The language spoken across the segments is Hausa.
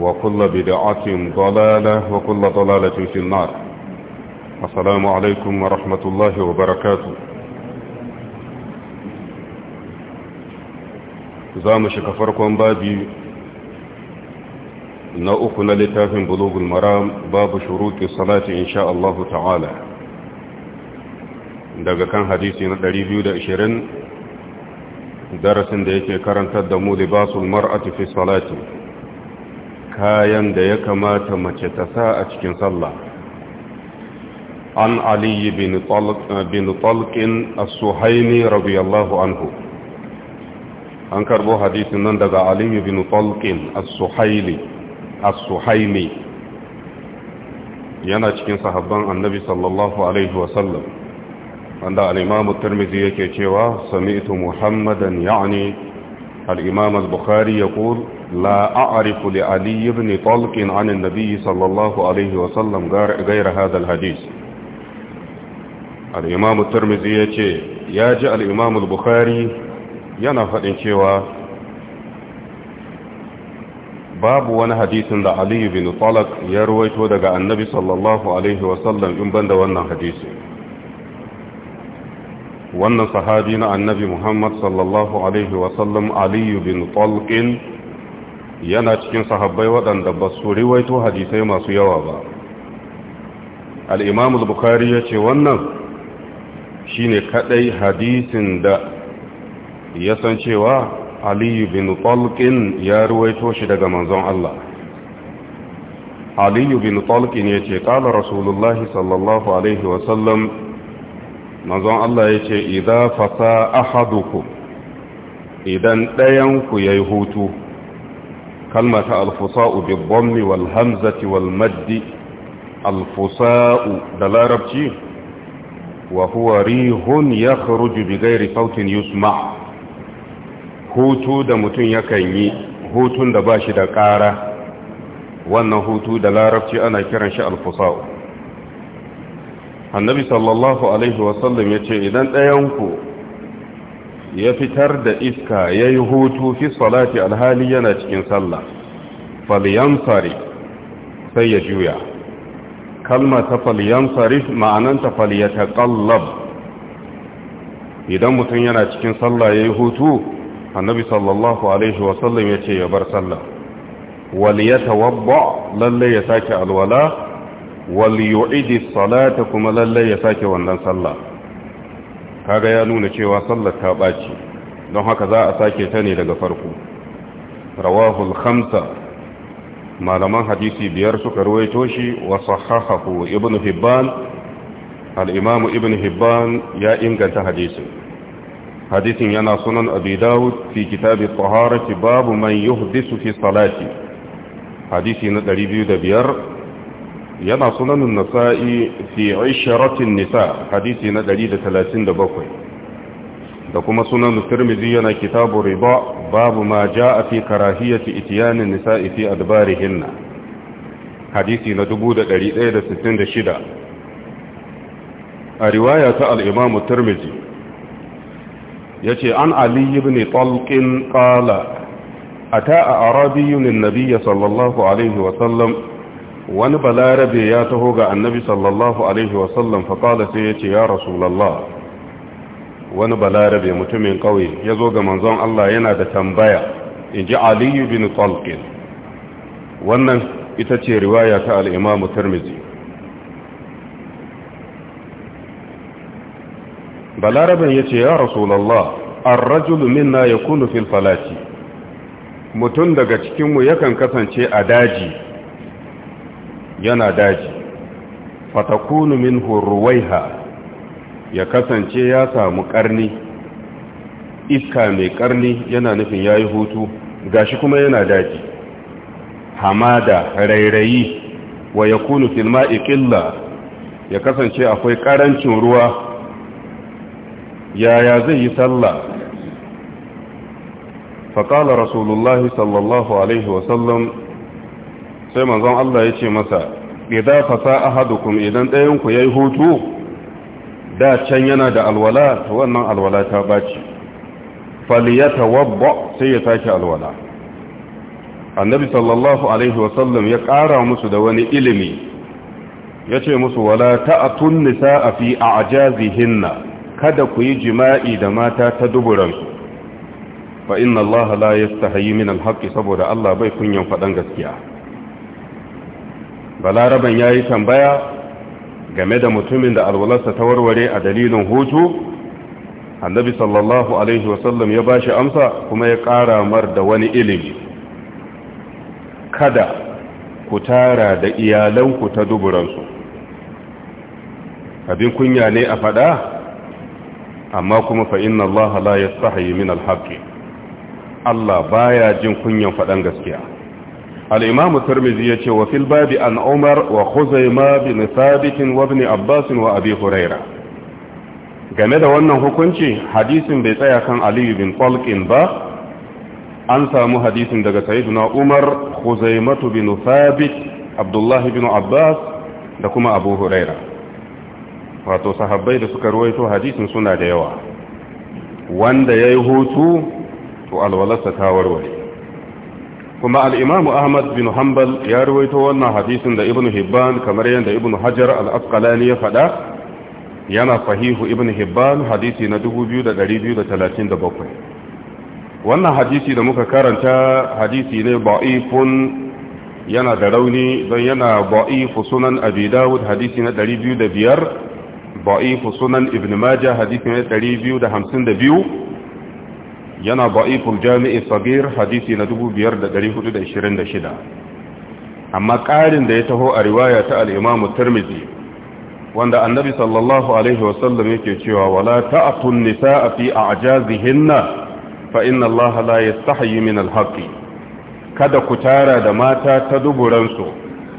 وكل بدعة ضلالة وكل ضلالة في النار السلام عليكم ورحمة الله وبركاته زامش كفركم بابي نأخنا لتاف بلوغ المرام باب شروط الصلاة إن شاء الله تعالى daga kan hadisi na 220 darasin da yake karantar da mu libasul mar'ati fi salati kayan da ya kamata mace ta sa a cikin sallah an aliyu bin talqin as suhaini radiyallahu anhu an karbo hadisin nan daga aliyu bin talqin as suhaini yana cikin sahabban annabi sallallahu alaihi wasallam wanda al-imamu tirmidhi yake cewa sami sami'tu muhammadan ya'ni al-imam al-bukhari yaqul لا أعرف لعلي بن طلق عن النبي صلى الله عليه وسلم غير هذا الحديث الإمام الترمذي يتي ياجع الإمام البخاري ينفذ انشوا باب وانا حديث لعلي بن طلق يرويت ودقى النبي صلى الله عليه وسلم ينبند وانا حديث وانا صحابين النبي محمد صلى الله عليه وسلم علي بن طلق yana cikin sahabbai waɗanda ba su riwaito hadisai masu yawa ba al'imamu bukari ya ce wannan shi ne kaɗai hadisin da ya san cewa aliyu bin tolkin ya riwaito shi daga manzon Allah aliyu bin tolkin ya ce ƙala rasulullahi sallallahu alaihi wasallam manzon Allah ya ce idan fasa ahaduku idan ɗayanku ya yi hutu kalma ta alfusa'u bi dhammi wal hamzati wal maddi alfusa'u da larabci wa huwa rihun yakhruju bi ghairi sautin yusma hutu da mutum yakan yi hutun da bashi da ƙara wannan hutu da larabci ana kiran shi alfusa'u annabi sallallahu alaihi wasallam ya ce idan ɗayanku ya fitar da iska ya yi hutu fi salati alhali yana cikin sallah falyansari sai ya juya kalma ta falyansari ma'ananta falyata kallab idan mutum yana cikin sallah ya yi hutu annabi sallallahu alaihi wasallam ya ce ya bar sallah waliyata wabba lalle ya sake alwala waliyu'idi salata kuma lalle ya sake wannan sallah kaga ya nuna cewa sallar ta ɓaci don haka za a sake ta ne daga farko rawahul khamsa malaman hadisi biyar suka ruwaito shi wa sahahahu ibn hibban al-imam ibn hibban ya inganta hadisin hadisin yana sunan abi dawud fi kitab taharati babu man yuhdisu fi salati hadisi na biyar. yana sunanun nasa'i fi isharatin nisa hadisi na 137 da kuma sunanin tirmidhi yana kitabu riba babu ma ja'a fi karahiyati itiyanin nisa'i fi adbarihinna hadisi na 1166 a riwaya ta al-imamu tirmidhi yace an ali ibn talqin qala ata arabiyyun an-nabiy sallallahu alaihi wa sallam wani balarabe ya taho ga annabi sallallahu alaihi wasallam faƙala sai ya ce ya rasulallah wani balarabe mutumin ƙauye ya zo ga manzon Allah yana da tambaya in ji aliyu bin tsalkin wannan ita ce riwaya ta al'imamu turmizi balaraben ya ce ya rasulallah arrajul minna ya kunu filfalaci mutum daga cikinmu yakan kasance a daji yana daji fatakunu min hurwaiha ya kasance ya samu karni iska mai karni yana nufin yayi hutu gashi kuma yana daji hamada rairayi wa yakunu fil ma'i qilla ya kasance akwai karancin ruwa yaya zai yi sallah fa رسول rasulullahi sallallahu alaihi wa sallam. sai manzon Allah ya ce masa idan fasa ahadukum idan ɗayan ku yayi hutu da can yana da alwala to wannan alwala ta baci falyatawabba sai ya take alwala annabi sallallahu alaihi wasallam ya ƙara musu da wani ilimi ya ce musu wala ta'atun nisa'a fi a'jazihinna kada ku yi jima'i da mata ta duburan.' fa inna allaha la yastahi min al saboda Allah bai kunyan faɗan gaskiya balaraban ya yi tambaya game da mutumin da alwalarsa ta warware a dalilin hutu annabi sallallahu alaihi wasallam ya ba shi amsa kuma ya ƙara mar da wani ilimi kada ku tara da iyalanku ta duburansu abin kunya ne a faɗa amma kuma fa inna allaha la yastahi min alhaqi Allah baya jin kunyan faɗan gaskiya al-imamu ya ce wa fil babi an umar wa khuzaima bin thabit wa abbas wa game da wannan hukunci hadisin bai tsaya kan ali bin talqin ba an samu hadisin daga sayyiduna umar khuzaimatu bin thabit abdullahi bin abbas da kuma abu huraira wato sahabbai da suka ruwaito hadisin suna da yawa wanda ya yi hutu to alwalarsa ta warware kuma al'imamu ahmad bin hanbal ya ruwaito wannan hadisin da ibn hibban kamar yadda ibn hajar al'afkalani ya faɗa yana fahihu ibn hibban hadisi na 2237 wannan hadisi da muka karanta hadisi ne ba'ifun yana da rauni don yana ba'ifu sunan abi dawud hadisi na 205 ba'ifu sunan ibn majah hadisi na 252 yana ba'iful jami'i sabir hadisi na 5426 amma ƙarin da ya taho a riwaya ta al'imamu tarmizi wanda annabi sallallahu alaihi wasallam yake cewa wala ta'atun nisa'a fi a'jazihinna fa inna allaha la yastahi min al kada ku tara da mata ta duburansu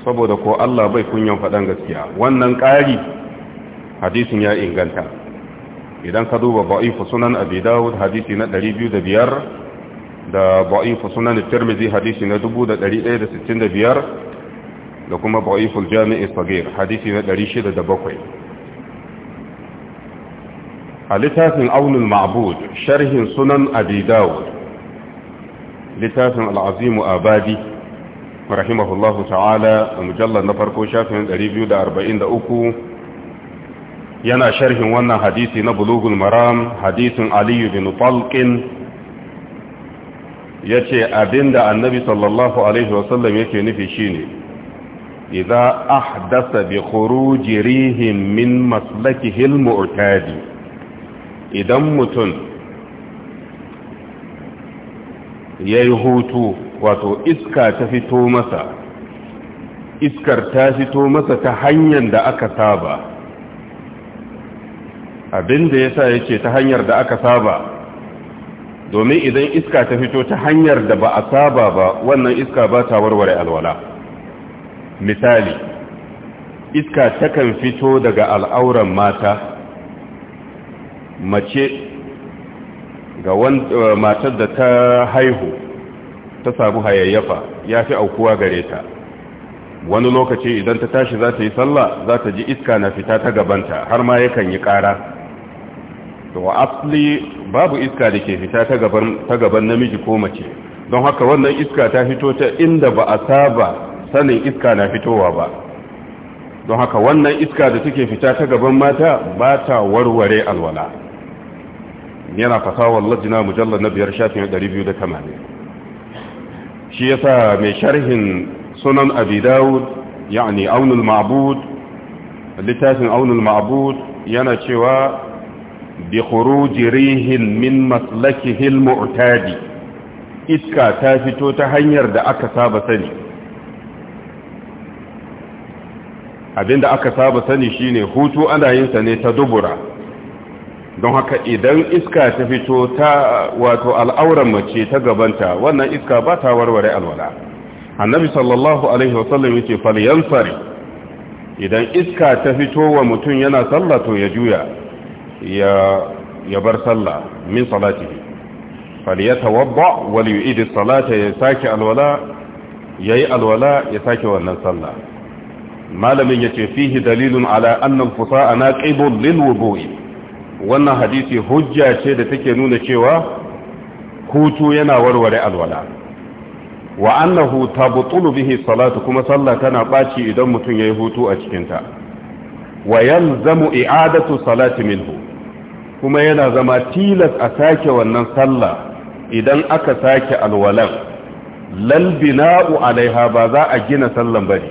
saboda ko Allah bai kunyan faɗan gaskiya wannan ƙari hadisin ya inganta idan ka duba ba'ifu sunan abi dawud hadisi na 205 da ba'ifu sunan tirmidhi hadisi na 1165 da kuma ba'ifu jami'i sagir hadisi na 607 a littafin aunul ma'bud sharhin sunan abi dawud littafin al'azimu abadi rahimahullahu ta'ala a mujallar na farko shafin 243 yana sharhin wannan hadisi na bulugul maram hadisin aliyu bin falkin ya ce abinda annabi sallallahu alaihi wasallam yake nufi shine idza ahdasa bi khuruji rihin min maslakihi al idan mutum yayi hutu wato iska ta fito masa iskar ta fito masa ta hanyar da aka saba abin da yasa yake ta hanyar da aka saba domin idan iska ta fito ta hanyar da ba a saba ba wannan iska ba ta warware alwala misali iska takan fito daga al'auran mata mace ga eh, matar da ta haihu ta samu hayayyafa ya fi aukuwa gare ta wani lokaci idan ta tashi za ta yi sallah za ta ji iska na fita ta gabanta har ma yakan yi ƙara wa asli babu iska da ke fita ta gaban namiji ko mace don haka wannan iska ta fito ta inda ba a saba sanin iska na fitowa ba don haka wannan iska da take fita ta gaban mata ba ta warware alwala yana fasawar lajina mujallar na biyar shafin 280 shi yasa mai sharhin sunan abi dawud yani aunul ma'abud littafin aunul ma'bud yana cewa bi khuruji rihin min maslakihi al iska ta fito ta hanyar da aka saba sani abinda aka saba sani shine hutu ana yin sa ne ta dubura don haka idan iska ta fito ta wato al'auran mace ta gabanta wannan iska ba ta warware alwala annabi sallallahu alaihi wasallam yace falyansari idan iska ta fito wa mutum yana sallato ya juya ya bar sallah min salatihi falyatawadda wal salata ya saki alwala yayi alwala ya saki wannan sallah malamin yace fihi dalilun ala anna al naqibun lil wannan hadisi hujja ce da take nuna cewa hutu yana warware alwala wa annahu tabtulu bihi salatu kuma sallah tana baci idan mutum yayi hutu a cikin ta wa yalzamu i'adatu salati minhu kuma yana zama tilas a sake wannan sallah idan aka sake alwalan lalbina'u alaiha ba za a gina sallan bari.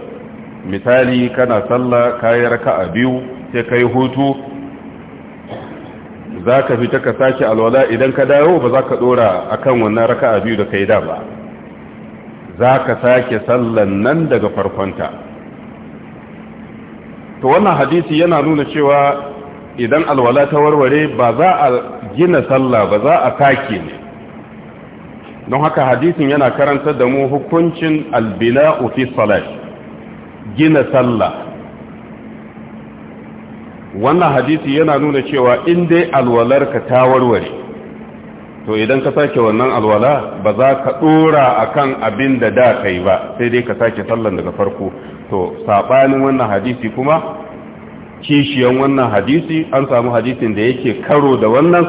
misali kana sallah kayi raka'a biyu sai yi hutu za ka fita ka sake alwala idan ka dawo ba za ka dora akan wannan raka'a biyu da kai da ba za ka sake sallan nan daga farkonta to wannan hadisi yana nuna cewa idan alwala ta warware ba za a gina sallah ba za a kake ne don haka hadisin yana karanta da mu hukuncin albina fi salat gina sallah wannan hadisi yana nuna cewa in dai alwalarka ta warware to idan ka sake wannan alwala ba za ka dora akan abin da da kai ba sai dai ka sake sallan daga farko to sabanin wannan hadisi kuma kishiyan wannan hadisi an samu hadisin da yake karo da wannan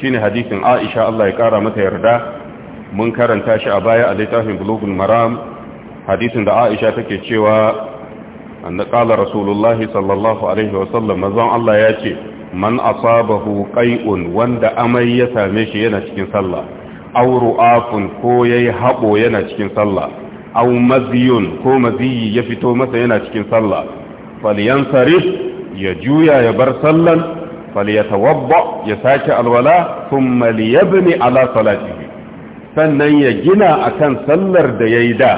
shine hadisin Aisha Allah ya kara mata yarda mun karanta shi a baya a littafin Bulughul Maram hadisin da Aisha take cewa anna qala Rasulullah sallallahu alaihi wa sallam manzon Allah ya ce man asabahu qai'un wanda amai ya same shi yana cikin sallah aw ru'afun ko yayi habo yana cikin sallah aw maziyun ko maziyi ya fito masa yana cikin sallah falyansarif ya juya ya bar sallan falyatawabba ya sake alwala thumma liyabni ala salatihi sannan ya gina akan sallar da yayi da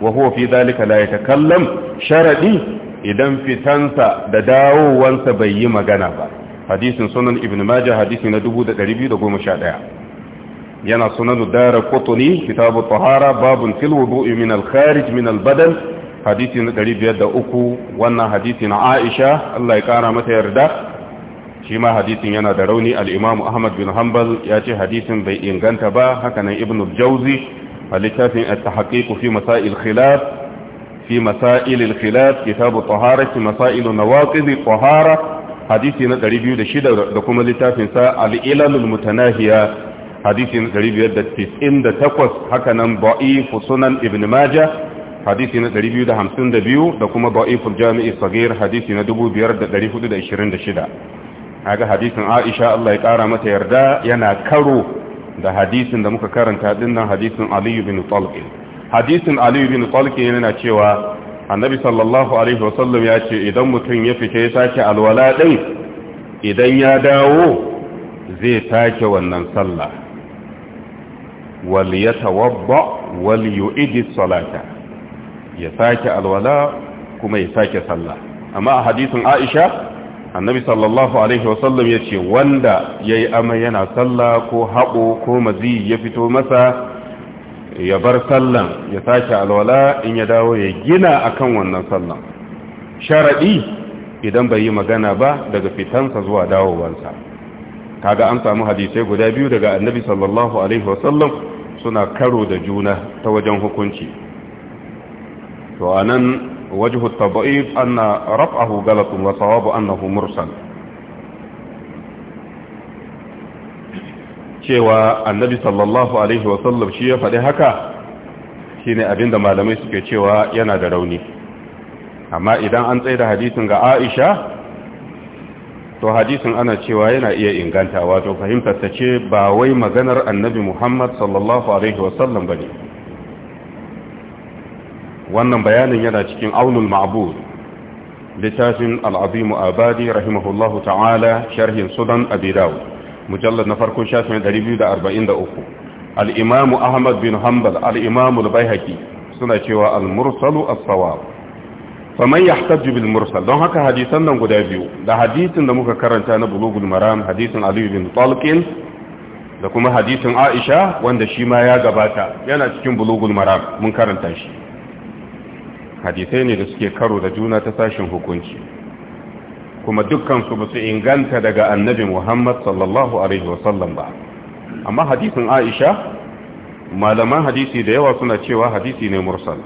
wa huwa fi dhalika la yatakallam sharadi idan fitansa da dawowansa bai yi magana ba hadisin sunan ibn majah hadisi na 2211 yana sunan dara qutni kitab at-tahara babun fil wudu'i min al-kharij min al-badan hadisi na 503 wannan hadisi na Aisha Allah ya kara mata yarda shi ma hadisin yana da rauni al-Imam Ahmad bin Hanbal ya ce hadisin bai inganta ba haka nan Ibn al-Jawzi a littafin at-tahqiq fi masail khilaf fi masail al-khilaf kitab at-tahara fi masail nawaqid at-tahara hadisi na 206 da kuma littafin sa al-ilal al-mutanahiya hadisi na 598 haka nan da'if sunan Ibn Majah hadisi na 252 da kuma da'iful jami'i sagir hadisi na 5426 haka hadisin Aisha Allah ya kara mata yarda yana karo da hadisin da muka karanta dinnan hadisin aliyu bin Talq hadisin aliyu bin Talq yana cewa annabi sallallahu alaihi wasallam ya ce idan mutum ya fice ya sake alwala din idan ya dawo zai take wannan sallah wal yatawabba wal yu'idi salata ya sake alwala kuma ya sake sallah amma a hadisin Aisha annabi sallallahu alaihi wasallam ya ce wanda ya yi amai yana sallah ko haɓo ko mazi ya fito masa ya bar sallan ya sake alwala in ya dawo ya gina akan wannan sallan sharaɗi idan bai yi magana ba daga fitansa zuwa dawowansa kaga an samu hadisai guda biyu daga annabi sallallahu alaihi wasallam suna karo da juna ta wajen hukunci to anan wajhu at-tad'if anna raf'ahu galatun wa mursal cewa annabi sallallahu alaihi wa sallam shi ya faɗi haka shine abinda malamai suke cewa yana da rauni amma idan an tsaye da hadisin ga Aisha to hadisin ana cewa yana iya inganta wato fahimtar ta ce ba wai maganar annabi Muhammad sallallahu alaihi wa sallam bane wannan bayanin yana cikin aunul ma'bud littafin al'azim abadi rahimahullahu ta'ala sharhin sunan abi mujallar na farkon shafin 243 al-imam ahmad bin hanbal al-imam al suna cewa al-mursalu as-sawab faman yahtaju bil mursal don haka hadisan nan guda biyu da hadisin da muka karanta na bulugul maram hadisin aliyu bin talqin da kuma hadisin aisha wanda shi ma ya gabata yana cikin bulugul maram mun karanta shi hadisai ne da suke karo da juna ta sashin hukunci kuma dukkansu ba su inganta daga annabi muhammad sallallahu alaihi wasallam ba amma hadisin aisha malaman hadisi da yawa suna cewa hadisi ne mursal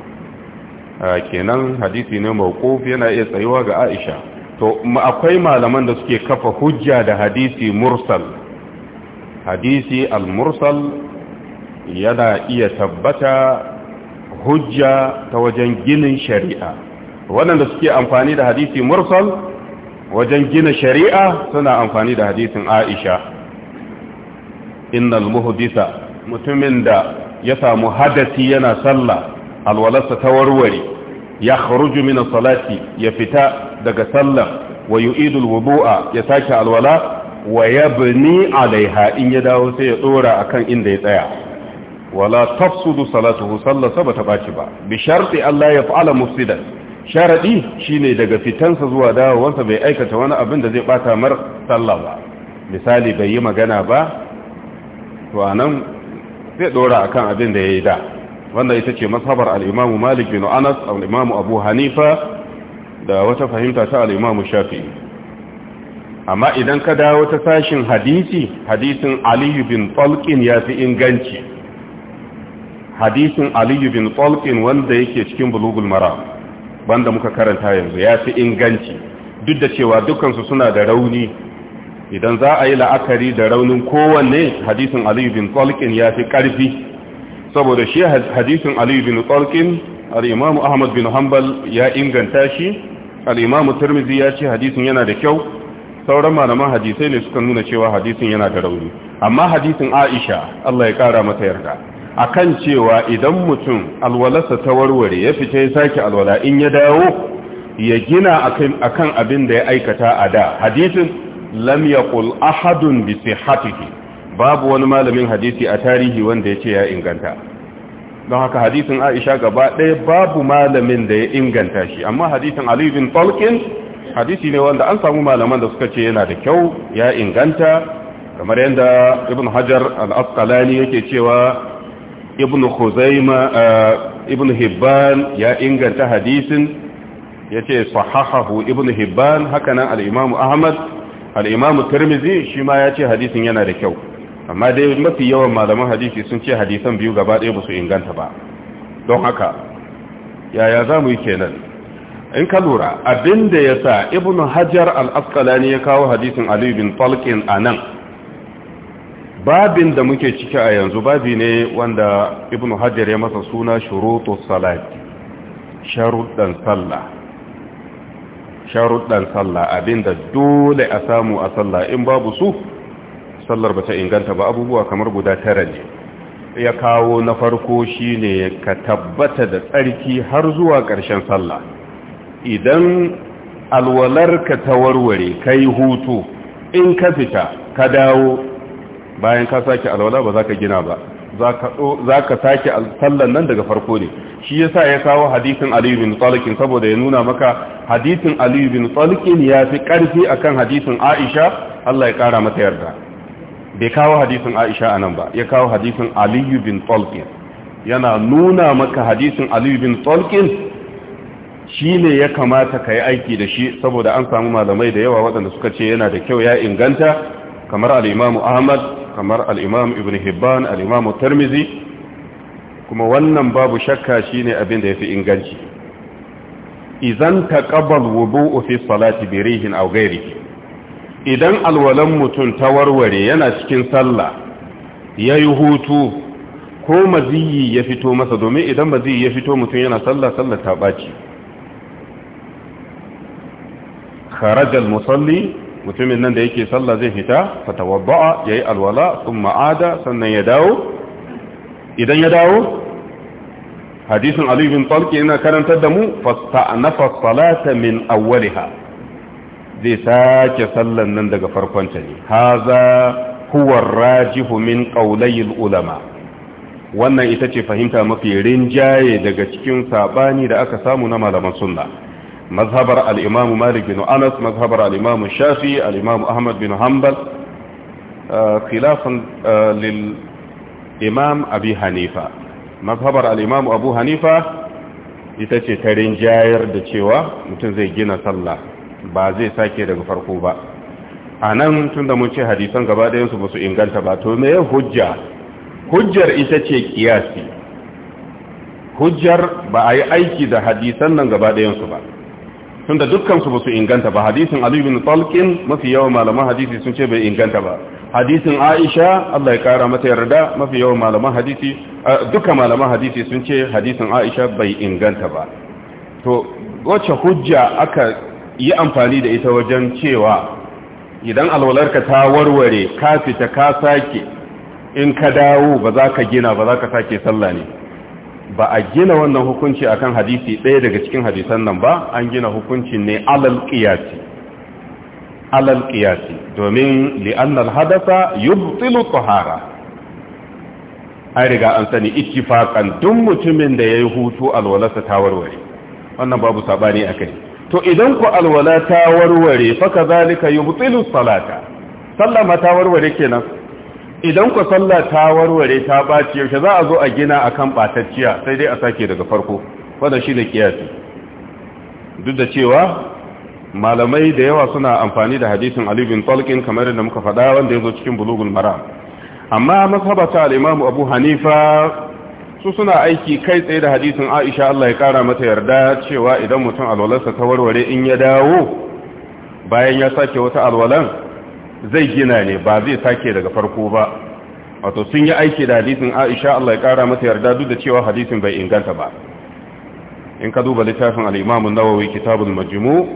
kenan hadisi ne mawquf yana iya tsayuwa ga aisha to akwai malaman da suke kafa hujja da hadisi mursal hadisi al-mursal yana iya tabbata hujja ta wajen ginin shari'a waɗanda suke amfani da hadisi mursal wajen gina shari'a suna amfani da hadisin aisha innal muhdisa mutumin da ya samu hadasi yana sallah alwalarsa ta warware ya kharuju min salati ya fita daga sallah wa yu'idul wudu'a ya sake alwala wa yabni alaiha in ya dawo sai ya dora akan inda ya tsaya wala tafsudu salatuhu sallarsa bata baci ba bi sharti Allah ya fa'ala mufsidan sharadi shine daga fitansa zuwa dawowarsa bai aikata wani abin da zai bata mar sallah ba misali bai yi magana ba to anan zai dora akan abin da yayi da wanda ita ce mazhabar al-Imam Malik bin Anas al-Imam Abu Hanifa da wata fahimta ta al-Imam Shafi'i amma idan ka dawo ta sashin hadisi hadisin Ali bin Talqin ya fi inganci hadisin aliyu bin tolkien wanda yake cikin bulugul mara wanda muka karanta yanzu ya fi inganci duk da cewa dukansu suna da rauni idan za a yi la'akari da raunin kowanne hadisin aliyu bin tolkien ya fi ƙarfi saboda shi hadisin aliyu bin tolkien al'imamu ahmad bin hanbal ya inganta shi al'imamu turmizi ya ce hadisin yana da kyau sauran malaman hadisai ne suka nuna cewa hadisin yana da rauni amma hadisin aisha allah ya kara mata yarda akan cewa idan mutum alwalasa ta warware ya fice ya sake alwala in ya dawo ya gina akan abin da ya aikata a da hadisin lam yaqul ahadun bi sihhatihi babu wani malamin hadisi a tarihi wanda ya ce ya inganta don haka hadisin Aisha gaba ɗaya babu malamin da ya inganta shi amma hadisin Ali bin Talqin hadisi ne wanda an samu malaman da suka ce yana da kyau ya inganta kamar yadda Ibn Hajar al-Asqalani yake cewa ibn khuzaima uh, ibn hibban ya inganta hadisin yace sahahahu ibn hibban hakanan Al'imamu ahmad Al'imamu tirmizi shima shi ma hadisin yana da kyau amma dai mafi yawan malaman hadisi sun ce hadisan biyu gaba ɗaya ba su inganta ba don haka yaya za mu yi kenan in ka lura abinda ya sa ibn hajar al-asqalani ya kawo hadisin ali bin Falkin a nan. babin da muke ciki a yanzu babi ne wanda ibnu hajjar ya masa suna shuruto salati sharuddan sallah sharuddan sallah abinda dole a samu a sallah in babu su sallar ba ta inganta ba abubuwa kamar guda tara ne ya kawo na farko shine ka tabbata da tsarki har zuwa ƙarshen sallah idan alwalarka ta warware kai hutu in ka fita ka dawo bayan ka sake alwala ba za ka gina ba za ka sake sallan nan daga farko ne shi ya sa ya kawo hadisin aliyu bin tsalikin saboda ya nuna maka hadisin aliyu bin tsalikin ya fi ƙarfi akan hadisin aisha allah ya ƙara mata yarda bai kawo hadisin aisha a nan ba ya kawo hadisin aliyu bin tsalikin yana nuna maka hadisin aliyu bin tsalikin shi ne ya kamata ka yi aiki da shi saboda an samu malamai da yawa waɗanda suka ce yana da kyau ya inganta kamar al'imamu ahmad kamar al'imam ibn hibban al'imam tarmizi kuma wannan babu shakka shine abin da ya fi inganci idan ta ƙabal wubu fi salati birihin au gairi idan alwalan mutum ta warware yana cikin sallah ya yi hutu ko maziyi ya fito masa domin idan maziyi ya fito mutum yana sallah sallah ta ɓaci kharajal musalli mutumin nan da yake sallah zai fita fatawadda'a yayi alwala thumma ada sannan ya dawo idan ya dawo hadisin Ali bin Talq yana karantar da mu fasta'nafa salata min awwaliha zai sake sallan nan daga farkon ta ne haza huwa rajihu min qawlayil ulama wannan ita ce fahimta mafi rinjaye daga cikin sabani da aka samu na malaman sunna mazhabar al'imamu malik bin anas mazhabar al'imamu shafi al'imamu ahmad bin hanbal khilafan lil imam mazhabar al'imamu abu hanifa ita ce ta rinjayar da cewa mutum zai gina sallah ba zai sake daga farko ba a nan tun da mun ce hadisan gaba ɗayansu ba su inganta ba to me hujja hujjar ita ce kiyasi hujjar ba a yi aiki da hadisan nan gaba ɗayansu ba tunda dukkan su basu inganta ba hadisin Ali bin Talqin mafi yawan malaman hadisi sun ce bai inganta ba hadisin Aisha Allah ya kara mata yarda mafi yawan malaman hadisi dukkan malaman hadisi sun ce hadisin Aisha bai inganta ba to wacce hujja aka yi amfani da ita wajen cewa idan alwalarka ta warware ka fita ka sake in ka dawo ba za ka gina ba za ka sake sallah ne ba a gina wannan hukunci akan hadisi ɗaya daga cikin hadisan nan ba an gina hukunci ne alal qiyasi alal qiyasi domin li'annal hadasa yubtilu tahara ai riga an sani ittifaqan duk mutumin da yayi hutu alwalasa ta warware wannan babu sabani akai to idan ku alwala ta warware fa kazalika yubtilu salata sallama ta warware kenan idan ku sallah ta warware ta baci yaushe za a zo a gina akan batacciya sai dai a sake daga farko wannan shine kiyasi duk da cewa malamai da yawa suna amfani da hadisin Ali bin Talqin kamar da muka faɗa wanda yazo cikin bulugul maram amma mazhabata al-Imam Abu Hanifa su suna aiki kai tsaye da hadisin Aisha Allah ya kara mata yarda cewa idan mutum alwalarsa ta warware in ya dawo bayan ya sake wata alwalan zai gina ne ba zai sake daga farko ba wato sun yi aiki da hadisin Aisha Allah ya kara mata yarda duk da cewa hadisin bai inganta ba in ka duba littafin al-Imam an-Nawawi Kitabul Majmu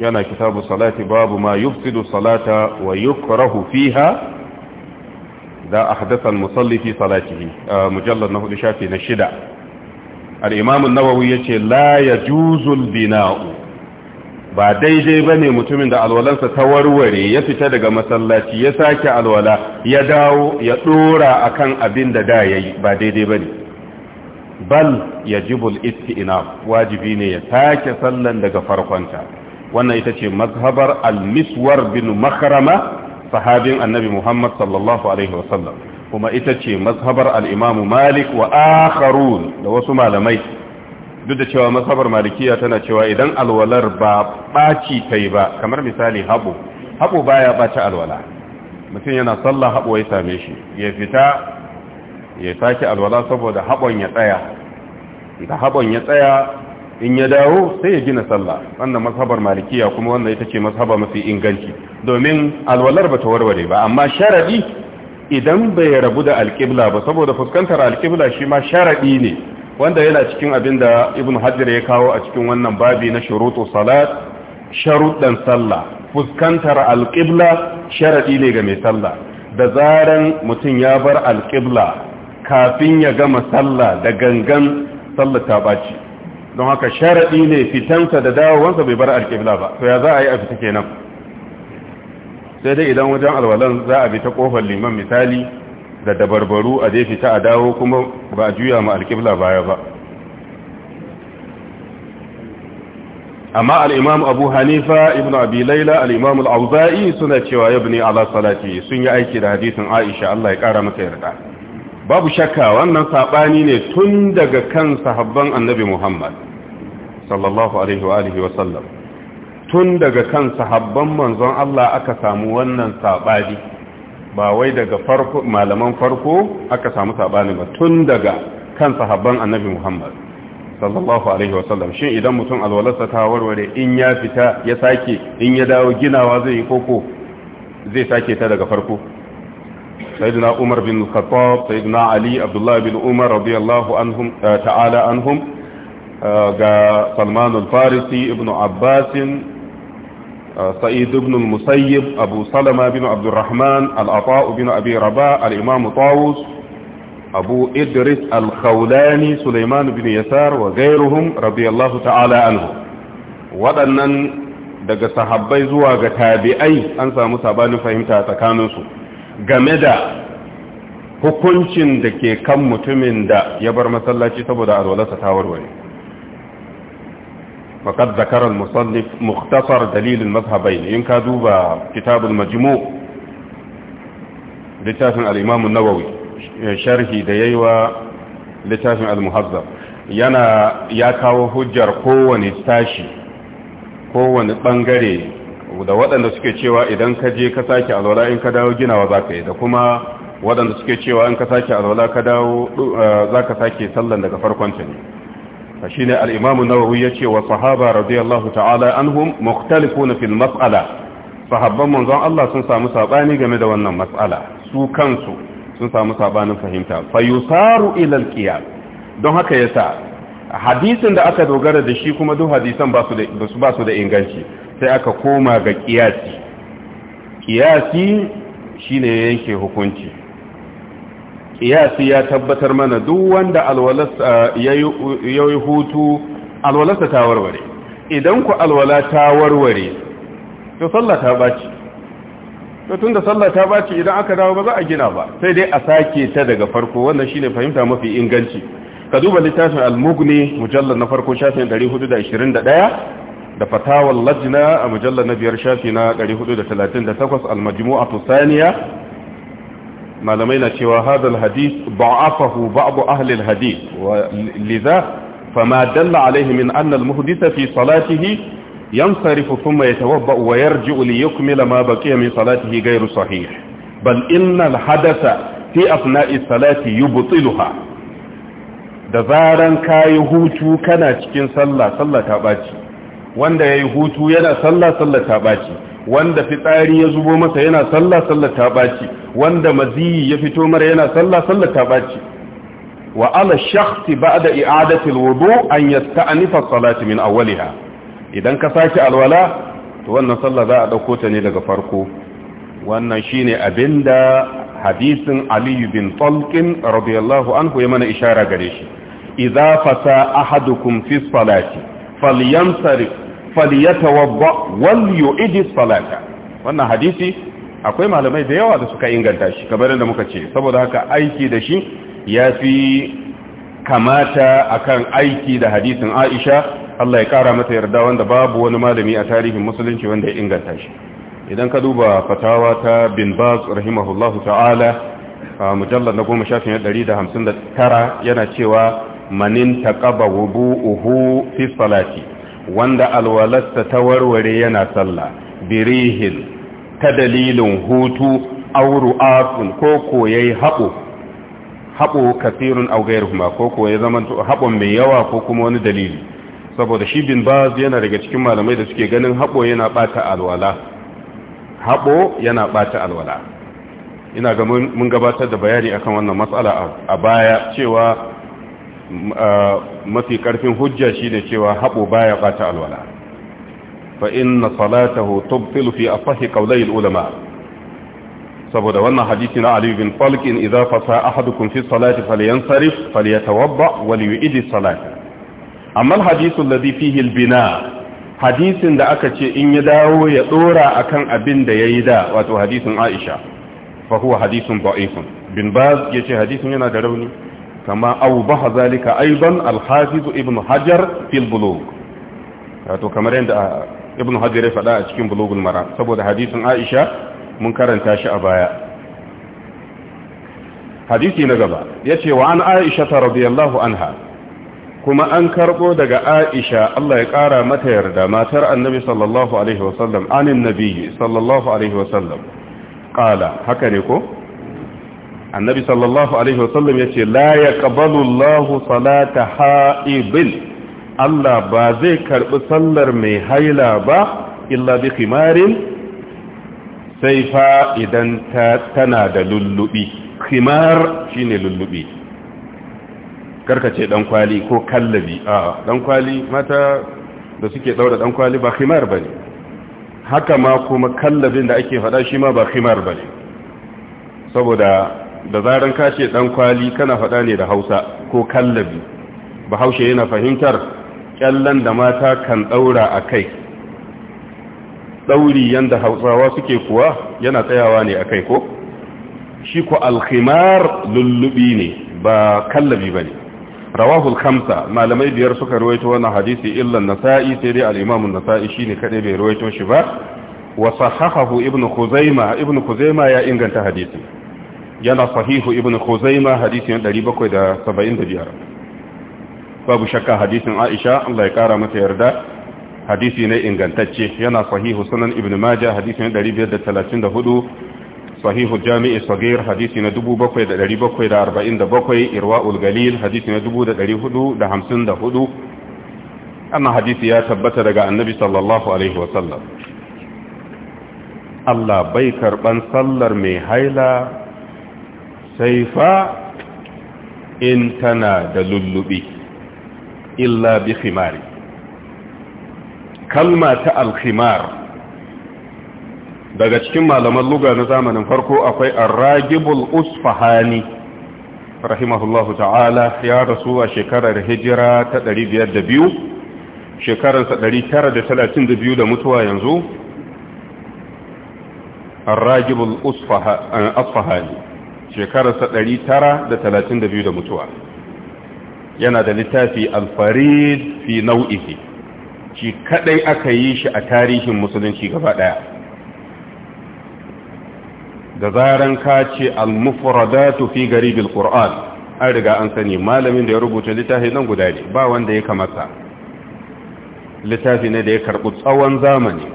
yana kitabu salati babu ma yufsidu salata wa yukrahu fiha da ahdatha al-musalli fi salatihi mujallad na shafi na shida al-Imam an-Nawawi yace la yajuzu binau ba daidai ba ne mutumin da alwalansa ta warware ya fita daga masallaci ya sake alwala ya dawo ya dora kan abin da da ya yi ba daidai ba ne bal ya jibul isti'ina wajibi ne ya sake sallan daga farkonta wannan ita ce mazhabar almiswar bin makarama sahabin annabi muhammad sallallahu alaihi wasallam kuma ita ce mazhabar al'imamu malik wa akharun da wasu malamai duk da cewa masabar malikiya tana cewa idan alwalar ba ɓaci ta yi ba kamar misali haɓo haɓo baya ɓaci alwala mutum yana sallah haɓo ya same shi ya fita ya sake alwala saboda haɓon ya tsaya da haɓon ya tsaya in ya dawo sai ya gina sallah wannan masabar malikiya kuma wannan ita ce masaba mafi inganci domin alwalar ba ta warware ba amma sharaɗi idan bai rabu da alƙibla ba saboda fuskantar alƙibla shi ma sharaɗi ne wanda yana cikin abin da ibn hajar ya kawo a cikin wannan babi na shurutu salat sharuɗan sallah fuskantar alƙibla sharaɗi ne ga mai sallah da zaran mutum ya bar alƙibla kafin ya gama sallah da gangan sallah ta ɓaci don haka sharaɗi ne fitansa da dawowansa bai bar alƙibla ba to ya za a yi a fita kenan sai dai idan wajen alwalan za a bi ta ƙofar liman misali da dabarbaru a zai fita a dawo kuma ba a juya ma alƙibla baya ba amma al'imam abu hanifa ibn abi laila al'imam al'auza'i suna cewa ya bini ala salati sun yi aiki da hadisin aisha Allah ya ƙara mata yarda babu shakka wannan saɓani ne tun daga kan sahabban annabi muhammad sallallahu alaihi wa sallam, tun daga kan sahabban manzon Allah aka samu wannan saɓani ba wai daga farko malaman farko aka samu sabani ba tun daga kan sahabban annabi Muhammad sallallahu alaihi wasallam shin idan mutum alwalarsa ta warware in ya fita ya sake in ya dawo ginawa zai yi koko zai sake ta daga farko sayyidina Umar bin Khattab sayyidina Ali Abdullah bin Umar radiyallahu anhum eh, ta'ala anhum eh, ga Salman al-Farisi ibn Abbasin سعيد بن المسيب أبو سلمة بن عبد الرحمن العطاء بن أبي رباء الإمام طاووس أبو إدريس الخولاني سليمان بن يسار وغيرهم رضي الله تعالى عنه waɗannan daga sahabbai zuwa ga tabi'ai an samu sabanin fahimta tsakaninsu game da hukuncin da ke kan mutumin da ya bar masallaci saboda alwalarsa ta warware فقد ذكر المصنف مختصر دليل المذهبين إن كذوب كتاب المجموع لتاف الإمام النووي شرح ديوى لتاف المهذب yana ya kawo hujjar kowane tashi kowane bangare da waɗanda suke cewa idan ka je ka sake alwala in ka dawo ginawa za ka yi da kuma waɗanda suke cewa in ka sake alwala ka dawo za ka sake sallan daga farkon ta ne shine al-imam an-nawawi yace wa sahaba radiyallahu ta'ala anhum na fil mas'ala sahabban manzon Allah sun samu sabani game da wannan mas'ala su kansu sun samu sabanin fahimta fayusaru ila al-qiyam don haka yasa hadisin da aka dogara da shi kuma duk hadisan ba su da inganci sai aka koma ga kiyasi kiyasi shine yanke hukunci iyasi ya tabbatar mana duk wanda alwalasa eh, ya yi hutu alwalarsa ta warware idan ku alwala ta warware to sallah ta baci to tunda sallah ta baci idan aka dawo ba za a gina ba sai dai a sake ta daga farko wannan shine fahimta mafi inganci ka duba littafin al-mughni mujallal na farko shafin 421 da fatawar lajna a mujallar na biyar shafi na 438 al-majmu'atu thaniya malamai na cewa hadal hadis ba'afahu ba'du ahli al-hadis wa lidha fama dalla alayhi min anna al fi salatihi yansarifu thumma yatawadda wa yarji'u li yukmila ma baqiya min salatihi ghayru sahih bal inna al fi afna'i salati yubtiluha da zaran kayi hutu kana cikin sallah sallah ta baci wanda yayi hutu yana sallah sallah ta baci wanda fitsari ya zubo masa yana sallah sallah ta baci wanda maziyi ya fito mara yana sallah Sallah ta baci wa ala shakhsi ba'da i'adati alwudu an yasta'nifa salati min awwaliha idan ka saki alwala to wannan sallah za a dauko ta ne daga farko wannan shine abinda hadisin Ali bin Talqin radiyallahu anhu ya mana ishara gare shi idza fasa ahadukum fi salati falyamsarif falyatawadda wal yu'id salata wannan hadisi akwai malamai da yawa da suka inganta shi kamar da muka ce saboda haka aiki da shi ya fi kamata akan aiki da hadisin Aisha Allah ya kara mata yarda wanda babu wani malami a tarihin musulunci wanda ya inganta shi idan ka duba fatawa ta bin baz rahimahullahu ta'ala mujallad na goma shafin tara yana cewa manin taqaba uhu fi salati wanda alwalarsa ta warware yana sallah birihin ta dalilin hutu auru afun ko koyayi haɓo haɓo kasirun augayar kuma ko koyayi zaman haɓon mai yawa ko kuma wani dalili saboda shi bin baz yana daga cikin malamai da suke ganin haɓo yana ɓata alwala haɓo yana ɓata alwala ina ga mun gabatar da bayani akan wannan matsala a baya cewa mafi ƙarfin hujja shine cewa haɓo baya ɓata alwala fa inna salatahu tubtilu fi asahi qawlai ulama saboda wannan hadisi na Ali bin Talq in idza fasa ahadukum fi salati falyansarif falyatawadda wal yu'idi salata amma alhadithu alladhi fihi hadisin da aka ce in ya dawo ya dora akan abin da yayi da wato hadisin Aisha fa huwa hadithun da'ifun bin Baz yace hadisin yana da rauni kama awbaha zalika aiban alhafiz ibn Hajar fil bulugh wato kamar yadda ibn hajar ya faɗa a cikin bulugul mara saboda hadisin aisha mun karanta shi a baya hadisi na gaba ya ce wa an aisha ta radiyallahu anha kuma an karɓo daga aisha Allah ya ƙara mata yarda matar annabi sallallahu alaihi wasallam anin nabi sallallahu alaihi wasallam ƙala haka ne ko annabi sallallahu alaihi wasallam ya ce la ya ƙabalu salata ha'ibin Allah ba zai karɓi sallar mai haila ba illa bi kimarin sai fa idan tana da lullubi shi ne lullubi karkace ɗan kwali ko kallabi a dan kwali mata da suke daura ɗan kwali ba ba ne haka ma kuma kallabin da ake faɗa shi ma ba ba ne saboda da zaran kashe ɗan kwali kana faɗa ne da Hausa ko kallabi bahaushe yana fahimtar kyallan da mata kan ɗaura a kai ɗauri yadda hausawa suke kuwa yana tsayawa ne a kai ko shi ku alkhimar lullubi ne ba kallabi ba ne rawahul kamsa malamai biyar suka rawaito wannan hadisi illan nasa'i sai dai al'imamun nasa'i shi ne kaɗai bai rawaito shi ba wa sahahahu ibn kuzaima ibn kuzaima ya inganta hadisi yana sahihu ibn kuzaima hadisi 775 babu shakka hadisin Aisha Allah ya kara mata yarda hadisi ne ingantacce yana sahihu sunan ibn majah hadisi ne 534 sahihu jami'i sagir hadisi ne 7747 irwaul galil hadisi ne 4454 amma hadisi ya tabbata daga annabi sallallahu alaihi wa sallam Allah bai karban sallar mai haila sai fa in tana da lullubi illa bi khimari kalma ta alkhimar daga cikin malaman luga na zamanin farko akwai arragibul usfahani rahimahullahu ta'ala ya rasu a shekarar hijira ta 502 shekararsa 932 da mutuwa yanzu arragibul usfahani shekararsa 932 da mutuwa yana da littafi alfarid fi nau'ihi shi kadai aka yi shi a tarihin musulunci gaba daya da zaran ka ce al-mufradatu fi garibil qur'an an riga an sani malamin da ya rubuta littafi nan guda ne ba wanda ya kamata littafi ne da ya karbu tsawon zamani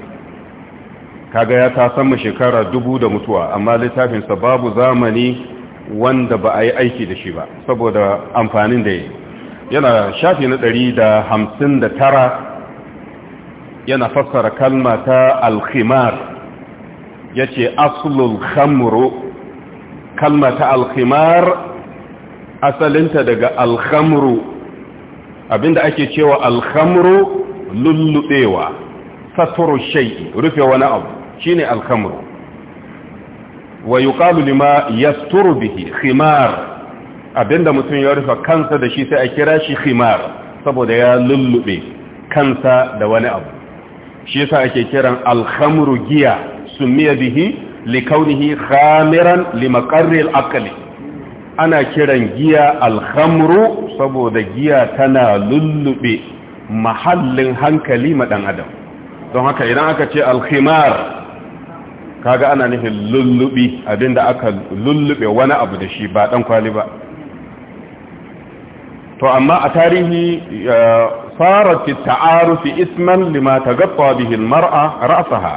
kaga ya ta mu shekara dubu da mutuwa amma littafinsa babu zamani wanda ba a yi aiki da shi ba saboda amfanin da ya yi yana shafi na ɗari da hamsin da tara yana fassara kalma ta alkhimar ya ce asulul khamru kalma ta alkhimar asalinta daga alkhamro abinda ake cewa alkhamro lullubewa saturu shai'i rufe wani abu shine alkhamro wa yuqalu lima yasturu bihi khimar abinda mutum ya rufe kansa da shi sai a kira shi khimar saboda ya lullube kansa da wani abu shi yasa ake kiran alhamru giya sumiya bihi likaunihi khamiran limaqarri al-aqli ana kiran giya alhamru saboda giya tana lullube mahallin hankali ma dan adam don haka idan aka ce alkhimar kaga ana nufin lullubi abinda aka lullube wani abu da shi ba dan kwali ba to amma a tarihi farat ta'arufi isman lima tagatta bihin mar'a ra'saha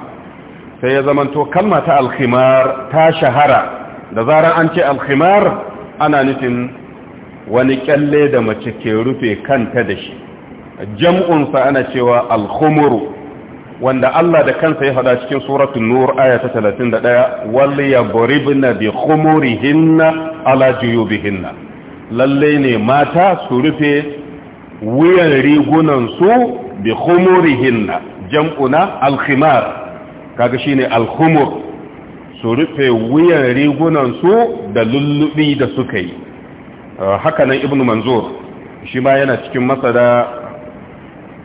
sai ya zamanto kalma ta alkhimar ta shahara da zarar an ce alkhimar ana nufin wani kyalle da mace ke rufe kanta da shi jam'unsa ana cewa alkhumuru wanda Allah da kansa ya hada cikin suratul nur aya ta 31 wal yadribna bi khumurihinna ala juyubihinna lallai ne mata su rufe wuyan rigunansu bi khumurihinna jam'una al-khimar kaga shine al-khumur su rufe wuyan rigunansu da lullubi da suka yi ah, haka nan ibnu manzur shi ma yana cikin masada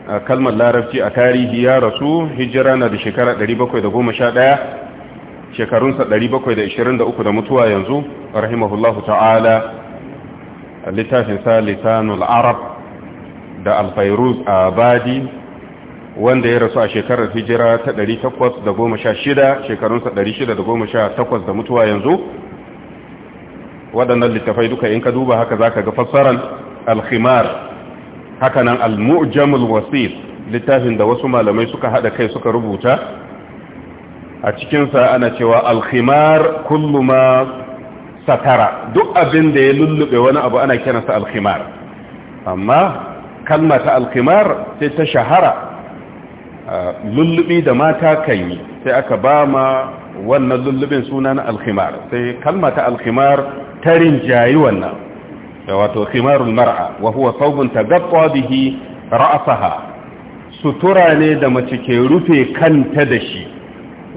ah, kalmar larabci a tarihi ya rasu hijira na da shekara 711 shekarunsa 723 da mutuwa yanzu rahimahullahu ta'ala littafin sa lisanul arab da alfairuz abadi wanda ya rasu a shekarar hijira ta 816 shekarunsa 1618 da mutuwa yanzu waɗannan littafai duka in ka duba haka za ka ga fassaran alkhimar hakanan almujamul wasif, littafin da wasu malamai suka haɗa kai suka rubuta a cikinsa ana cewa alkhimar kullu satara duk abin da ya lullube wani abu ana kiransa alkhimar amma kalma ta alkhimar sai ta shahara lullubi da mata kan yi sai aka ba ma wannan lullubin suna na alkhimar sai kalma ta alkhimar ta rinjayi wannan da wato khimarul mar'a wa huwa thawbun tagatta bihi ra'saha sutura ne da mace ke rufe kanta da shi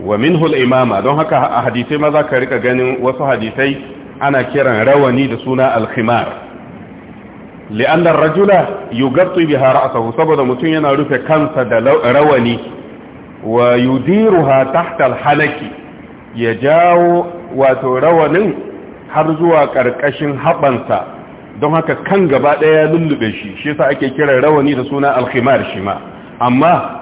wa minhu al-imama don haka a hadisai ma za ka rika ganin wasu hadisai ana kiran rawani da suna alkhimar li'annar rajula yugattu biha ra'sahu saboda mutum yana rufe kansa da rawani wa yudiruha tahta alhalaki ya jawo wato rawanin har zuwa ƙarƙashin haɓansa don haka kan gaba ɗaya lullube shi shi yasa ake kiran rawani da suna alkhimar shi ma amma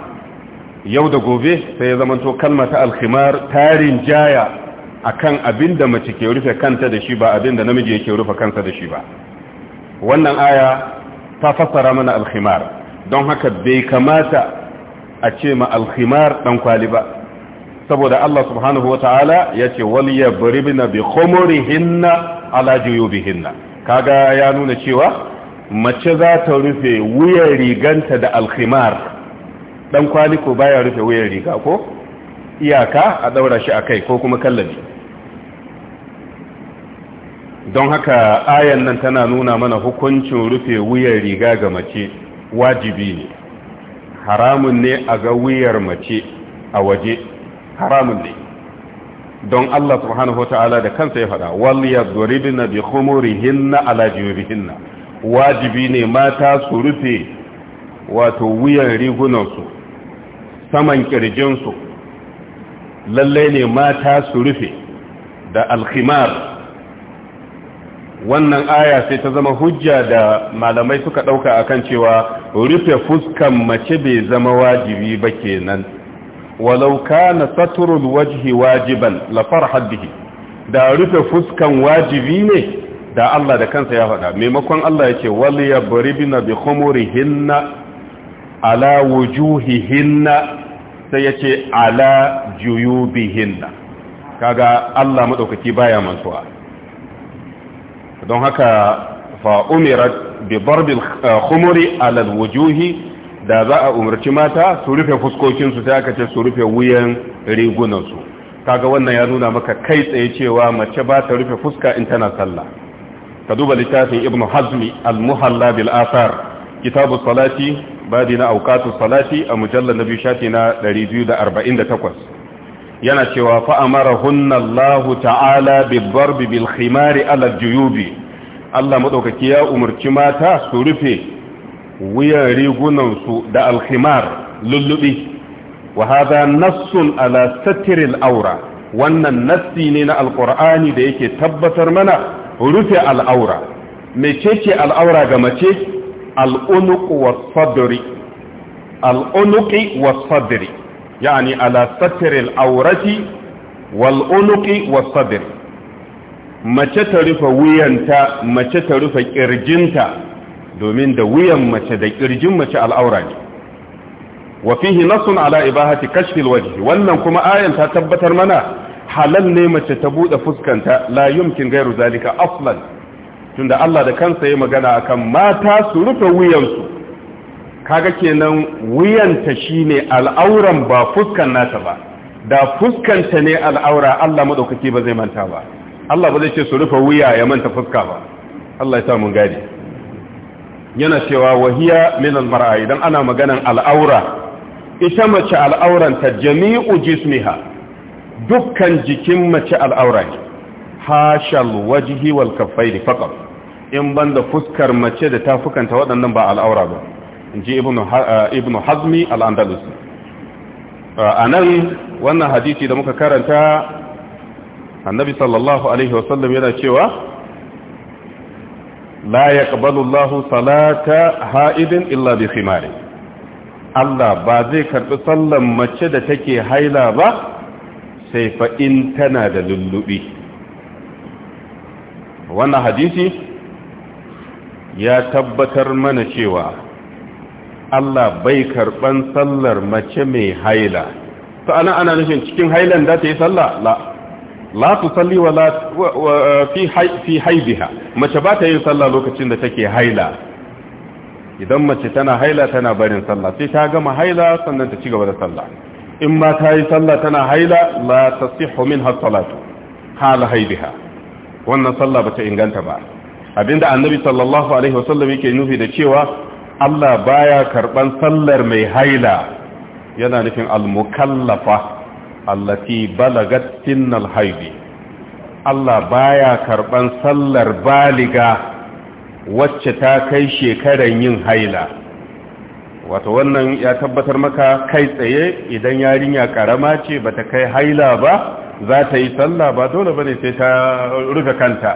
yau da gobe sai ya zamanto kalmata alkhimar tarin jaya akan abin da mace ke rufe kanta da shi ba abin da namiji yake rufe kansa da shi ba wannan aya ta fassara mana alkhimar don haka bai kamata a ce ma alkhimar dan kwali ba saboda Allah subhanahu wataala yace wal yabribna bi khumurihinna ala juyubihinna kaga ya nuna cewa mace za ta rufe wuyan riganta da alkhimar dan kwali ko baya rufe wuyan riga ko iyaka a daura shi a kai ko kuma kallabi don haka ayan nan tana nuna mana hukuncin rufe wuyar riga ga mace wajibi ne haramun ne a ga wuyar mace a waje haramun ne don Allah subhanahu wa ta'ala da kansa ya faɗa wal yadribna bi khumurihinna ala jubihinna wajibi ne mata su rufe wato wuyar rigunansu saman kirjinsu lalle ne mata su rufe da alkhimar wannan aya sai ta zama hujja da malamai suka ɗauka akan cewa rufe fuskan mace bai zama wajibi ba kenan walau kana saturul wajhi wajiban la farhat bihi da rufe fuskan wajibi ne da Allah da kansa ya faɗa maimakon Allah yake wal yabribna bi khumurihinna ala wujuhihinna sai yace ala juyubihinna kaga Allah madaukaki baya mantuwa don haka fa umirat bi darbil eh, khumuri ala da za a umarci mata su rufe fuskokinsu sai aka ce su rufe wuyan rigunansu. kaga wannan ya nuna maka kai tsaye cewa mace ba ta rufe fuska in tana sallah ka duba littafin ibnu hazmi al-muhalla bil athar kitabu salati badi na auqatu salati a mujallal nabi shafi na 248 yana cewa fa'amarahunna hunnallahu ta'ala bibbar bil khimari ala juyubi Allah madaukaki ya umarci mata su rufe wuyan rigunan su da alkhimar lullubi wa hadha nassun ala satiril aura wannan nassi ne na Alƙur'ani da yake tabbatar mana rufe al'aura mecece al'aura ga mace al'unuq was sadri sadri yani ala satiril aurati wal unuqi was mace ta rufe wuyanta mace ta rufe kirjinta domin da wuyan mace da kirjin mace al'aura ne wa fihi nasun ala ibahati kashfil waje wannan kuma ayan ta tabbatar mana halal ne mace ta bude fuskanta la yumkin gairu zalika aslan tunda Allah da kansa ya magana akan mata su rufe wuyansu kaga kenan wuyanta shine al'auran ba fuskan nata ba da fuskanta ne al'aura Allah madaukaki ba zai manta ba Allah ba zai ce su rufe wuya ya manta fuska ba Allah ya sa mun gadi yana cewa wahiya min al-mar'a idan ana maganan al'aura ita mace al'auranta jami'u jismiha dukkan jikin mace al'aura ne hashal wajhi wal kaffaini faqat in banda fuskar mace da tafukanta waɗannan ba al'aura ba in ji ibn eh, hazmi al'andalusi eh, a nan wannan hadisi da muka karanta annabi sallallahu alaihi wasallam yana cewa la ya ƙabalullahu salata ha'idin illa bi khimari Allah ba zai karɓi sallan mace da take haila ba sai fa'in tana da lullubi wannan hadisi ya tabbatar mana cewa Allah bai karɓan sallar mace mai haila to ana ana nufin cikin hailan da ta yi sallah la la tusalli wala fi fi haibiha mace ba ta yi sallah lokacin da take haila idan mace tana haila tana barin sallah sai ta gama haila sannan ta ci gaba da sallah in ma ta yi sallah tana haila la homin har salatu hala haibiha wannan sallah ta inganta ba abinda annabi sallallahu alaihi wasallam yake nufi da cewa Allah baya karban sallar mai haila yana nufin al-mukallafa allati balagat sinnal haidi Allah baya karban sallar baliga wacce ta kai shekaran yin haila wato wannan ya tabbatar maka kai tsaye idan yarinya karama ce bata kai haila ba za ta yi sallah ba dole bane sai ta rufe kanta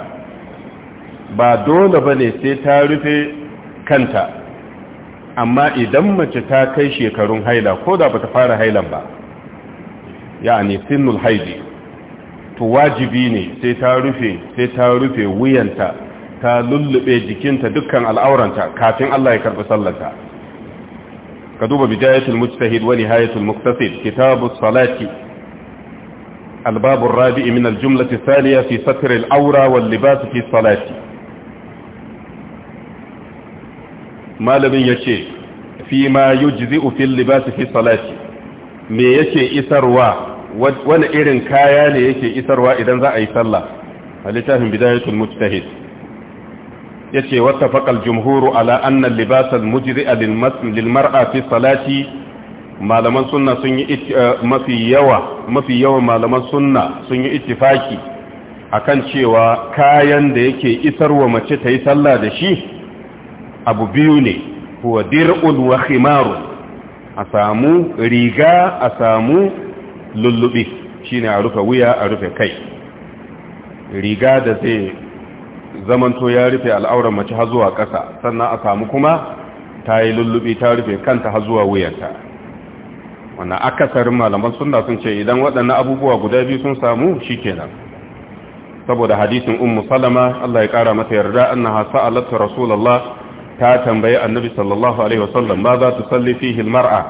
ba dole bane sai ta rufe kanta amma idan mace ta kai shekarun haila ko da bata fara hailan ba yani sinnul haidi to wajibi ne sai ta rufe sai ta rufe wuyanta ta lullube jikinta dukkan al'auranta kafin Allah ya karbi sallarta ka duba bidayatul mujtahid wa nihayatul muqtasid kitabus salati الباب الرابع من الجملة الثانية في ستر الأورى واللباس في salati. malamin ya ce fi ma yujzi'u ufin libasi fi salati me yake isarwa wani irin kaya ne yake isarwa idan za a yi sallah a littafin bidayatul mujtahid yace wata al-jumhur ala anna al-libas al-mujzi'a fi salati malaman sunna sun yi eh, mafi yawa mafi yawa malaman sunna sun yi ittifaki akan cewa kayan da yake isarwa mace ta yi sallah da shi abu biyu ne kuwa dir'ul wa khimaru a samu riga a samu lullubi shine a rufe wuya a rufe kai riga da zai zamanto ya rufe al'auran mace hazuwa zuwa ƙasa sannan a samu kuma ta yi lullubi ta rufe kanta hazuwa zuwa wuyanta wannan akasarin malaman suna sun ce idan waɗannan abubuwa guda biyu sun samu shi kenan saboda hadisin ummu salama Allah ya ƙara mata yarda annaha sa'alat rasulullah ta tambayi annabi sallallahu alaihi wasallam ma za su salli fihi a.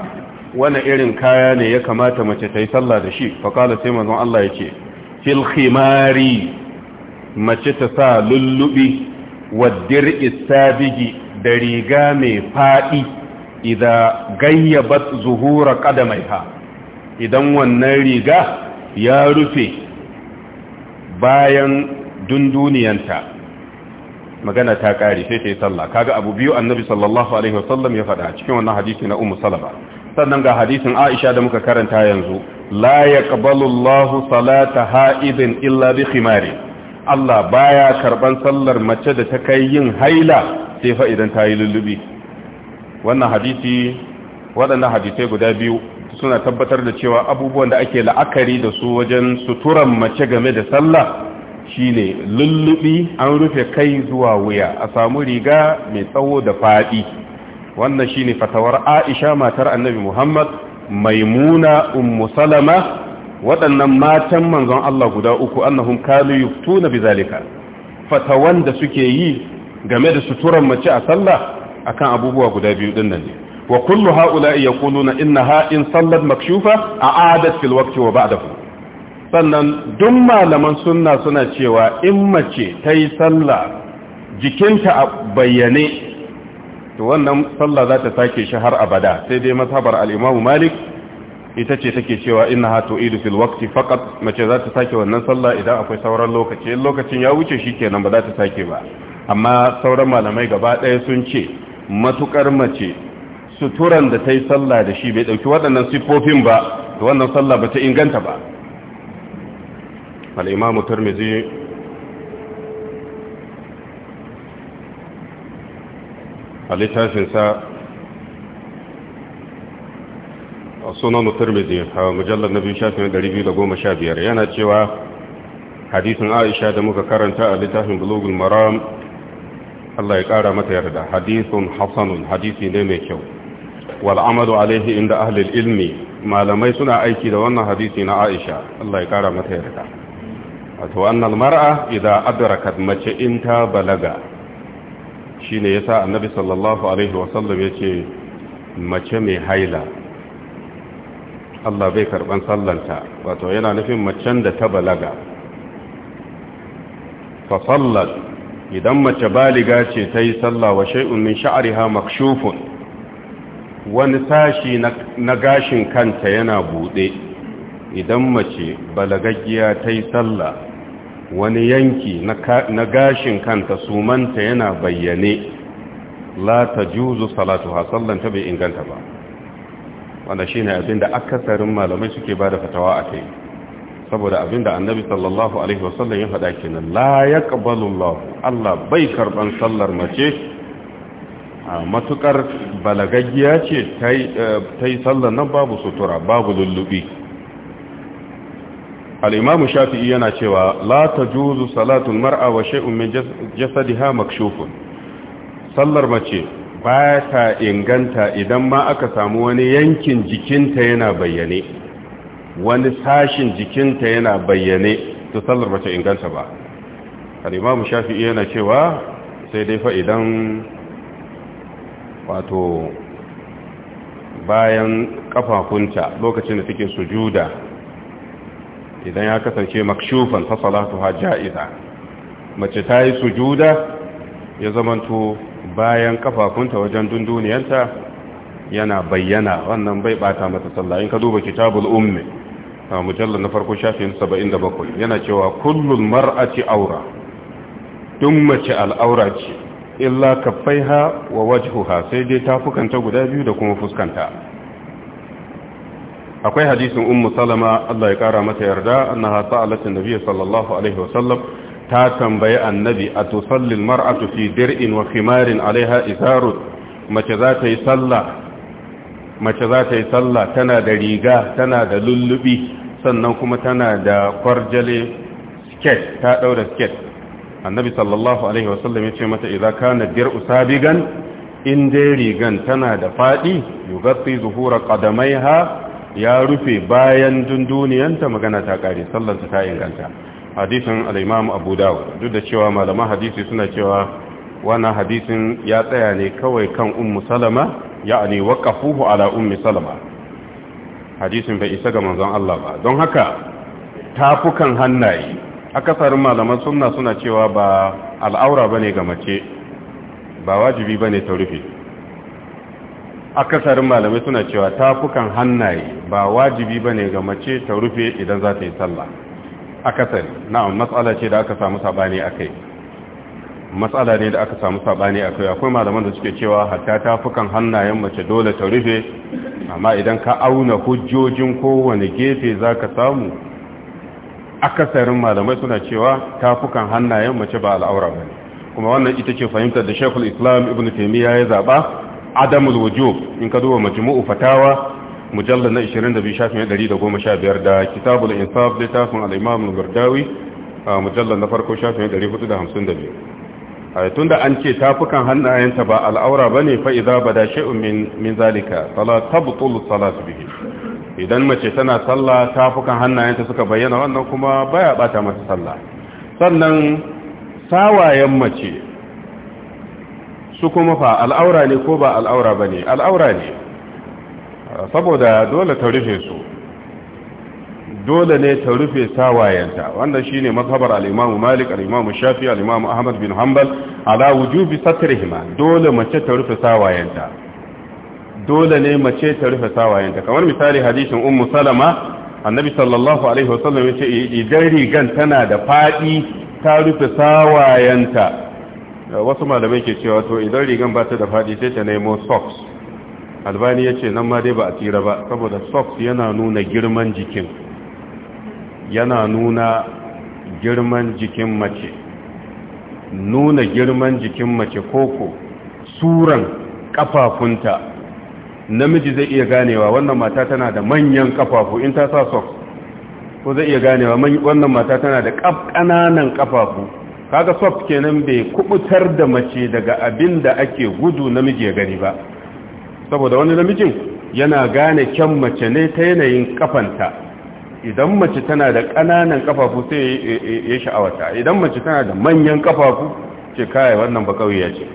wani irin kaya ne ya kamata mace ta yi sallah da shi faƙala sai manzon Allah ya ce fil khimari mace ta sa lullubi waddir istabigi da riga mai faɗi idan gayyabat zuhura qadamaiha idan wannan riga ya rufe bayan dunduniyanta magana ta kare sai ta yi sallah kaga abu biyu annabi sallallahu alaihi wasallam ya faɗa cikin wannan hadisi na ummu salama sannan ga hadisin aisha da muka karanta yanzu la yaqbalu Allahu salata ha'idin illa bi Allah baya karban sallar mace da ta kai yin haila sai fa idan ta yi lullubi wannan hadisi waɗannan hadisai guda biyu suna tabbatar da cewa abubuwan da ake la'akari da su wajen suturan mace game da sallah shine lullubi an rufe kai zuwa wuya a samu riga mai tsawo da faɗi wannan shine fatawar Aisha matar Annabi Muhammad Maimuna Ummu Salama waɗannan matan manzon Allah guda uku annahum kanu yuftuna bizalika fatawan da suke yi game da suturan mace a sallah akan abubuwa guda biyu din nan ne wa kullu haula yaquluna innaha in sallat makshufa a'adat fil waqti wa ba'dahu sannan duk malaman sunna suna cewa in mace ta yi sallah jikinta a bayyane to wannan sallah za ta sake shi har abada sai dai mazhabar al'imamu malik ita ce take cewa inna ha to idu fil waqti faqat mace za ta sake wannan sallah idan akwai sauran lokaci lokacin ya wuce shikenan ba za ta sake ba amma sauran malamai gaba ɗaya sun ce matukar mace suturan da ta yi sallah da shi bai ɗauki waɗannan siffofin ba to wannan sallah ba ta inganta ba al'imamu tarmizi a littafinsa a sunan tarmizi a mujallar na biyu shafin 215 yana cewa hadisin aisha da muka karanta a littafin bulugul maram Allah ya ƙara mata yarda hadisun hassanun hadisi ne mai kyau wal'amadu alaihi inda ahlil ilmi malamai suna aiki da wannan hadisi na aisha Allah ya ƙara mata yarda wato annal mar'a idan adrakat mace in ta balaga ya sa annabi sallallahu alaihi wasallam yace mace mai haila Allah bai karban sallanta wato yana nufin macen da ta balaga fa idan mace baliga ce ta yi sallah wa min sha'riha makshufun wani sashi na gashin kanta yana buɗe idan mace balagaggiya ta yi sallah wani yanki na gashin kanta sumanta yana bayyane la ta juzu salatu ha sallanta bai inganta ba wanda shi ne abinda akasarin malamai suke ba da fatawa a kai saboda abinda annabi sallallahu alaihi wasallam ya faɗa kenan la ya ƙabalullahu allah bai karɓan sallar mace a matuƙar balagaggiya ce ta yi eh, sallar nan babu sutura babu lullubi al'imamu shafi'i yana cewa la ta juzu salatun mar'a wa sha'un min jasadiha makshufun sallar mace ba ta inganta idan ma aka samu wani yankin jikinta yana bayyane wani sashin jikinta yana bayyane ta sallar mace inganta ba al'imamu shafi'i yana cewa sai dai fa wato bayan kafafunta lokacin da take sujuda idan ya kasance makshufan fasalatu ha ja'iza mace ta yi sujuda ya zamanto bayan kafafunta wajen dunduniyanta yana bayyana wannan bai bata mata sallah in ka duba kitabul ummi a mujallar na farko shafin 77 yana cewa kullul mar'ati aura duk mace al'aura ce illa kaffaiha wa wajhuha sai dai tafukanta guda biyu da kuma fuskanta akwai hadisin ummu salama Allah ya kara mata yarda annaha sa'alat annabi sallallahu alaihi wasallam ta tambayi annabi atusalli almar'atu fi dir'in wa khimarin alaiha izarun mace za ta yi sallah mace za ta yi sallah tana da riga tana da lullubi sannan kuma tana da kwarjale sket ta daura sket annabi sallallahu alaihi wasallam ya ce mata idza kana dir'u sabigan in dai rigan tana da fadi yugatti zuhura qadamaiha ya rufe bayan dunduniyanta magana ta kare sallansa ta inganta hadisin al-imam abu dawud duk da cewa malaman hadisi suna cewa wannan hadisin ya tsaya ne kawai kan ummu salama ya'ani waqafuhu ala ummi salama hadisin bai isa ga manzon Allah ba don haka tafukan hannaye akasarin malaman sunna suna cewa ba al'aura bane ga mace ba wajibi bane ta rufe akasarin malamai suna cewa tafukan hannaye ba wajibi ba ne ga mace ta rufe idan za ta yi sallah akasari na'am matsala ce da aka samu a kai matsala ne da aka samu a kai akwai malaman da suke cewa hatta tafukan hannayen mace dole ta rufe amma idan ka auna hujjojin kowane gefe za ka samu akasarin malamai suna cewa tafukan hannayen mace ba al'aura ne kuma wannan ita ce fahimtar da shekul Islam Ibn taimiyya ya zaba adamul wujub in ka duba majmu'u fatawa mujallal na 22 shafin 115 da kitabul insaf littafin al-imam al-gardawi mujallal na farko 452 ayatun da an ce tafukan hannayenta ba al'aura bane fa idza bada shay'un min min zalika fala tabtul idan mace tana sallah tafukan hannayenta suka bayyana wannan kuma baya bata mata sallah sannan sawayen mace su kuma fa al'aura ne ko ba al'aura ba ne al'aura ne saboda dole ta rufe su dole ne ta rufe sawayenta wanda shi ne mazhabar al'imamu malik al'imamu shafi al'imamu ahmad bin hanbal ala wujubi satrihima dole mace ta rufe sawayenta dole ne mace ta rufe sawayenta kamar misali hadisin ummu salama annabi sallallahu alaihi wasallam yace idan rigan tana da fadi ta rufe sawayenta wasu malamai ke cewa to idan rigan ba ta da fadi sai ta nemo socks albani ya ce nan ma dai ba a tsira ba saboda socks yana nuna girman jikin yana nuna girman jikin mace nuna girman jikin mace koko suran kafafunta namiji zai iya ganewa wannan mata tana da manyan kafafu in ta sa socks ko zai iya ganewa wannan mata tana da ƙananan kafafu kaga soft kenan bai kubutar da mace daga abin da ake gudu namiji ya gani ba saboda wani namijin yana gane kyan mace ne ta yanayin kafanta idan mace tana da ƙananan kafafu sai ya sha'awata idan mace tana da manyan kafafu ce kai wannan ba ya ce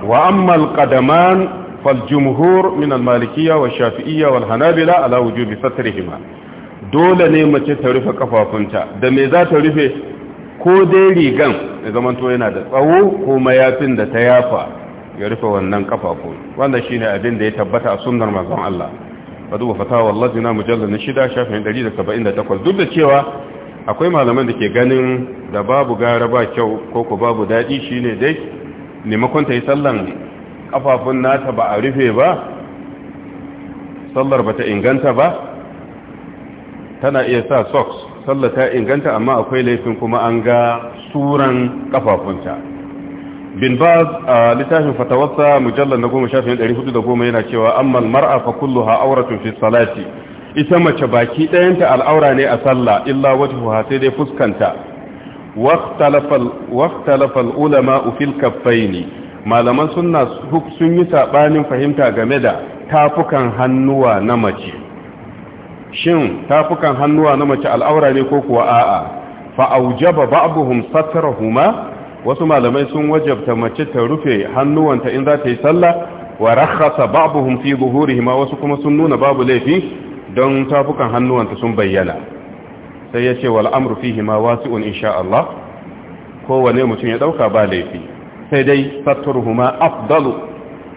wa ammal qadaman fal jumhur min al-malikiyya wa shafi'iyya wal hanabila ala wujubi satrihima dole ne mace ta rufe kafafunta da me za ta rufe ko dai rigan ya zamanto yana da tsawo ko mayafin da ta yafa ya rufe wannan kafafu wanda shine abin da ya tabbata a sunnar manzon Allah duba fatawa Allah jina mujallal na shida shafin 178 duk da cewa akwai malaman da ke ganin da babu gara ba kyau ko ku babu dadi shine dai nemakon ta yi sallan kafafun nata ba a rufe ba sallar bata inganta ba tana iya sa socks sallah ta inganta amma akwai laifin kuma an ga suran kafafunta bin baz a littafin fatawarsa mujallar na goma shafin 410 yana cewa ammal mar'a fa kulluha auratun fi salati ita mace baki ɗayanta al'aura ne a sallah illa wajhuha sai dai fuskanta waqtalafal ulama fil kaffaini malaman sunna sun yi sabanin fahimta game da tafukan hannuwa na mace shin tafukan hannuwa na mace al'aura ne ko kuwa a'a fa aujaba ba'dhum satrahuma wasu malamai sun wajabta mace ta rufe hannuwanta in za ta yi sallah wa rakhasa ba'dhum fi zuhurihima wasu kuma sun nuna babu laifi don tafukan hannuwanta sun bayyana sai ya ce wal amru fihima wasi'un insha Allah kowane mutum ya dauka ba laifi sai dai satruhuma afdalu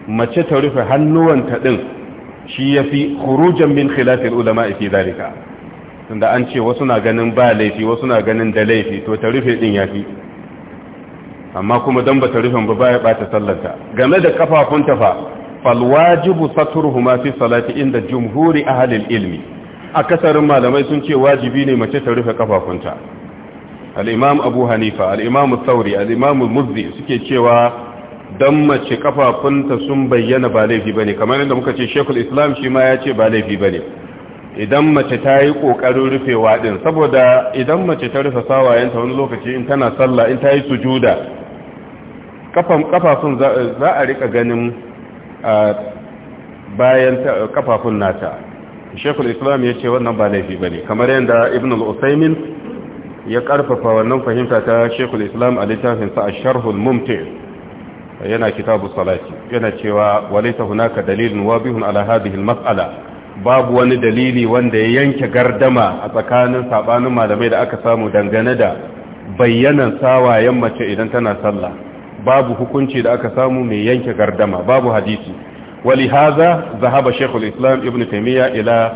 mace ta rufe hannuwanta din shi yafi khurujan min khilafil ulama fi zalika tunda an ce wasu na ganin ba laifi wasu na ganin da laifi to ta rufe din yafi amma kuma dan ba ta rufe ba baya bata sallanta game da kafafun ta fa fal wajibu satruhuma fi salati inda jumhuri ahli ilmi akasarin malamai sun ce wajibi ne mace ta rufe kafafunta al-imam abu hanifa al-imam thawri al-imam suke cewa don mace kafafunta sun bayyana ba laifi ba ne kamar yadda muka ce shekul islam shi ma ya ce ba laifi ba idan mace ta yi ƙoƙarin rufe waɗin saboda idan mace ta rufe sawayenta wani lokaci in tana sallah in ta yi sujuda kafafun za a rika ganin bayan kafafun nata shekul islam ya ce wannan ba laifi ba ne kamar yadda ibn al-usaimin ya ƙarfafa wannan fahimta ta shekul islam a littafinsa a sharhul mumtir yana kitabu salati yana cewa walaysa hunaka dalilun wabihun ala hadhihi almas'ala babu wani dalili wanda ya yanke gardama a tsakanin sabanin malamai da aka samu dangane da bayyanan sawayen mace idan tana sallah babu hukunci da aka samu mai yanke gardama babu hadisi ولهذا ذهب شيخ الإسلام ابن ila إلى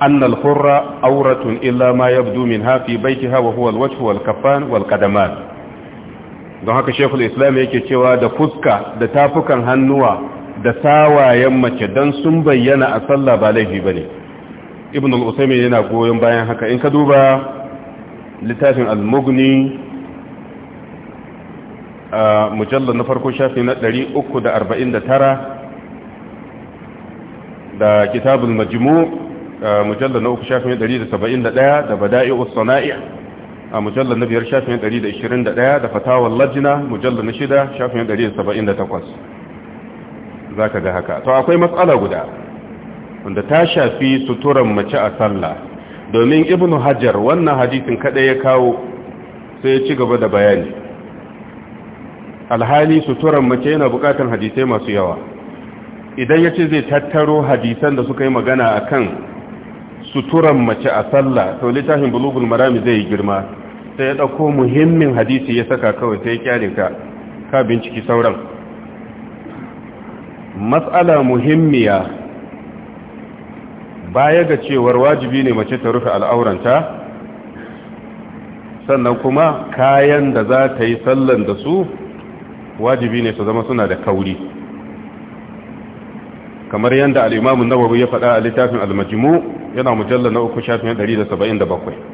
auratun الحرة أورة إلا hafi يبدو منها في بيتها وهو الوجه والكفان والقدمان don haka shekul islam yake cewa da fuska da tafukan hannuwa da sawayen mace don sun bayyana a sallah ba laifi ba ne ibn al'usaimin yana goyon bayan haka in ka duba littafin al-mughni a mujallar na farko shafi na 349 da kitabul majmu mujallar na uku shafi na 171 da bada'i sana'i a mujallar na biyar shafin 121 da fatawar lajina mujallar na shida shafin 178 za ka ga haka to akwai matsala guda wanda ta shafi suturan mace a sallah domin ibnu hajar wannan hadisin kadai ya kawo sai ya ci gaba da bayani alhali suturan mace yana bukatar hadisai masu yawa idan ya ce zai tattaro hadisan da suka yi magana a kan suturan mace a sallah to littafin bulugul marami zai yi girma sai ya ɗauko muhimmin hadisi ya saka kawai sai ya kyale ka ka binciki sauran matsala muhimmiya baya ga cewar wajibi ne mace ta rufe al'auranta sannan kuma kayan da za ta yi sallan da su wajibi ne su zama suna da kauri kamar yadda al'imamun nawabu ya faɗa a littafin al majimu yana mujallar na uku shafin 177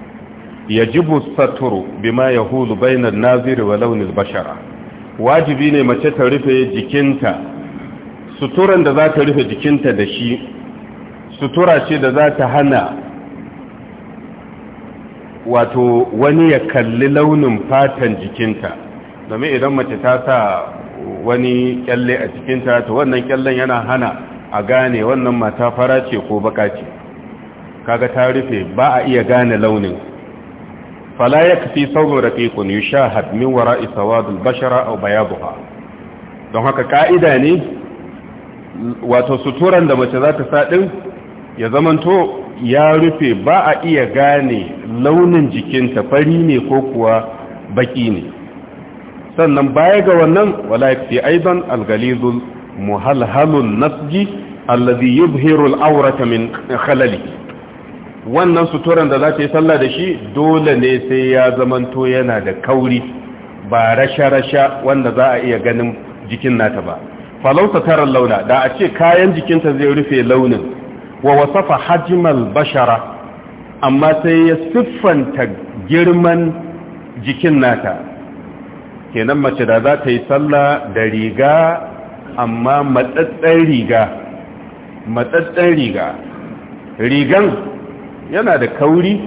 yajibu saturu bima hulu bainar naziri wa launin bashara wajibi ne mace ta rufe jikinta suturan da za ta rufe jikinta da shi sutura ce da za ta hana wato wani ya kalli launin fatan jikinta domin idan mace ta sa wani kyalle a jikinta to wannan kyallen yana hana a gane wannan mata fara ce ko baka ce kaga ta rufe ba a iya gane launin fala yakfi sawmu raqiqun yushahad min wara'i sawadul bashara aw bayaduha don haka ka'ida ne wato suturan da mace za ta sa din ya zamanto ya rufe ba a iya gane launin jikinta fari ne ko kuwa baki ne sannan baya ga wannan wala fi aidan algalizul muhalhalun nasji allazi yubhiru aurata min khalali wannan suturan da za ta yi sallah da shi dole ne sai ya zamanto yana da kauri ba rasha-rasha wanda za a iya ganin jikin nata ba falauta taron launa da a ce kayan jikinta zai rufe launin wa wasafa Hajimal bashara amma sai ya siffanta girman jikin nata kenan mace da za ta yi sallah da riga amma matsatsen riga matsatsen riga rigan yana da kauri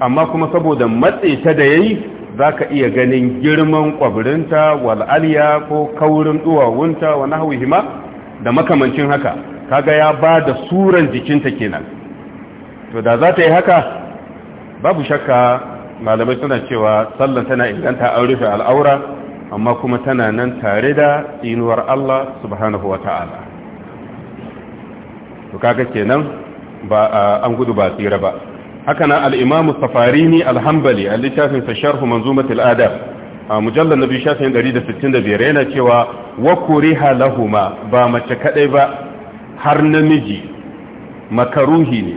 amma kuma saboda matse ta da yayi zaka iya ganin girman kwabirinta wal aliya ko kaurin duwawunta wa nahwihima da makamancin haka kaga ya ba da suran jikinta kenan to da za ta yi haka babu shakka malamai suna cewa sallan tana inganta an rufe al'aura amma kuma tana nan tare da tsinuwar Allah subhanahu wa ta'ala to kaga kenan ba an gudu ba tsira ba haka nan al-imamu safarini alhambali a littafin hu sharhu matil adab a na biyu shafin 165 yana cewa wa halahuma ba mace kaɗai ba har namiji makaruhi ne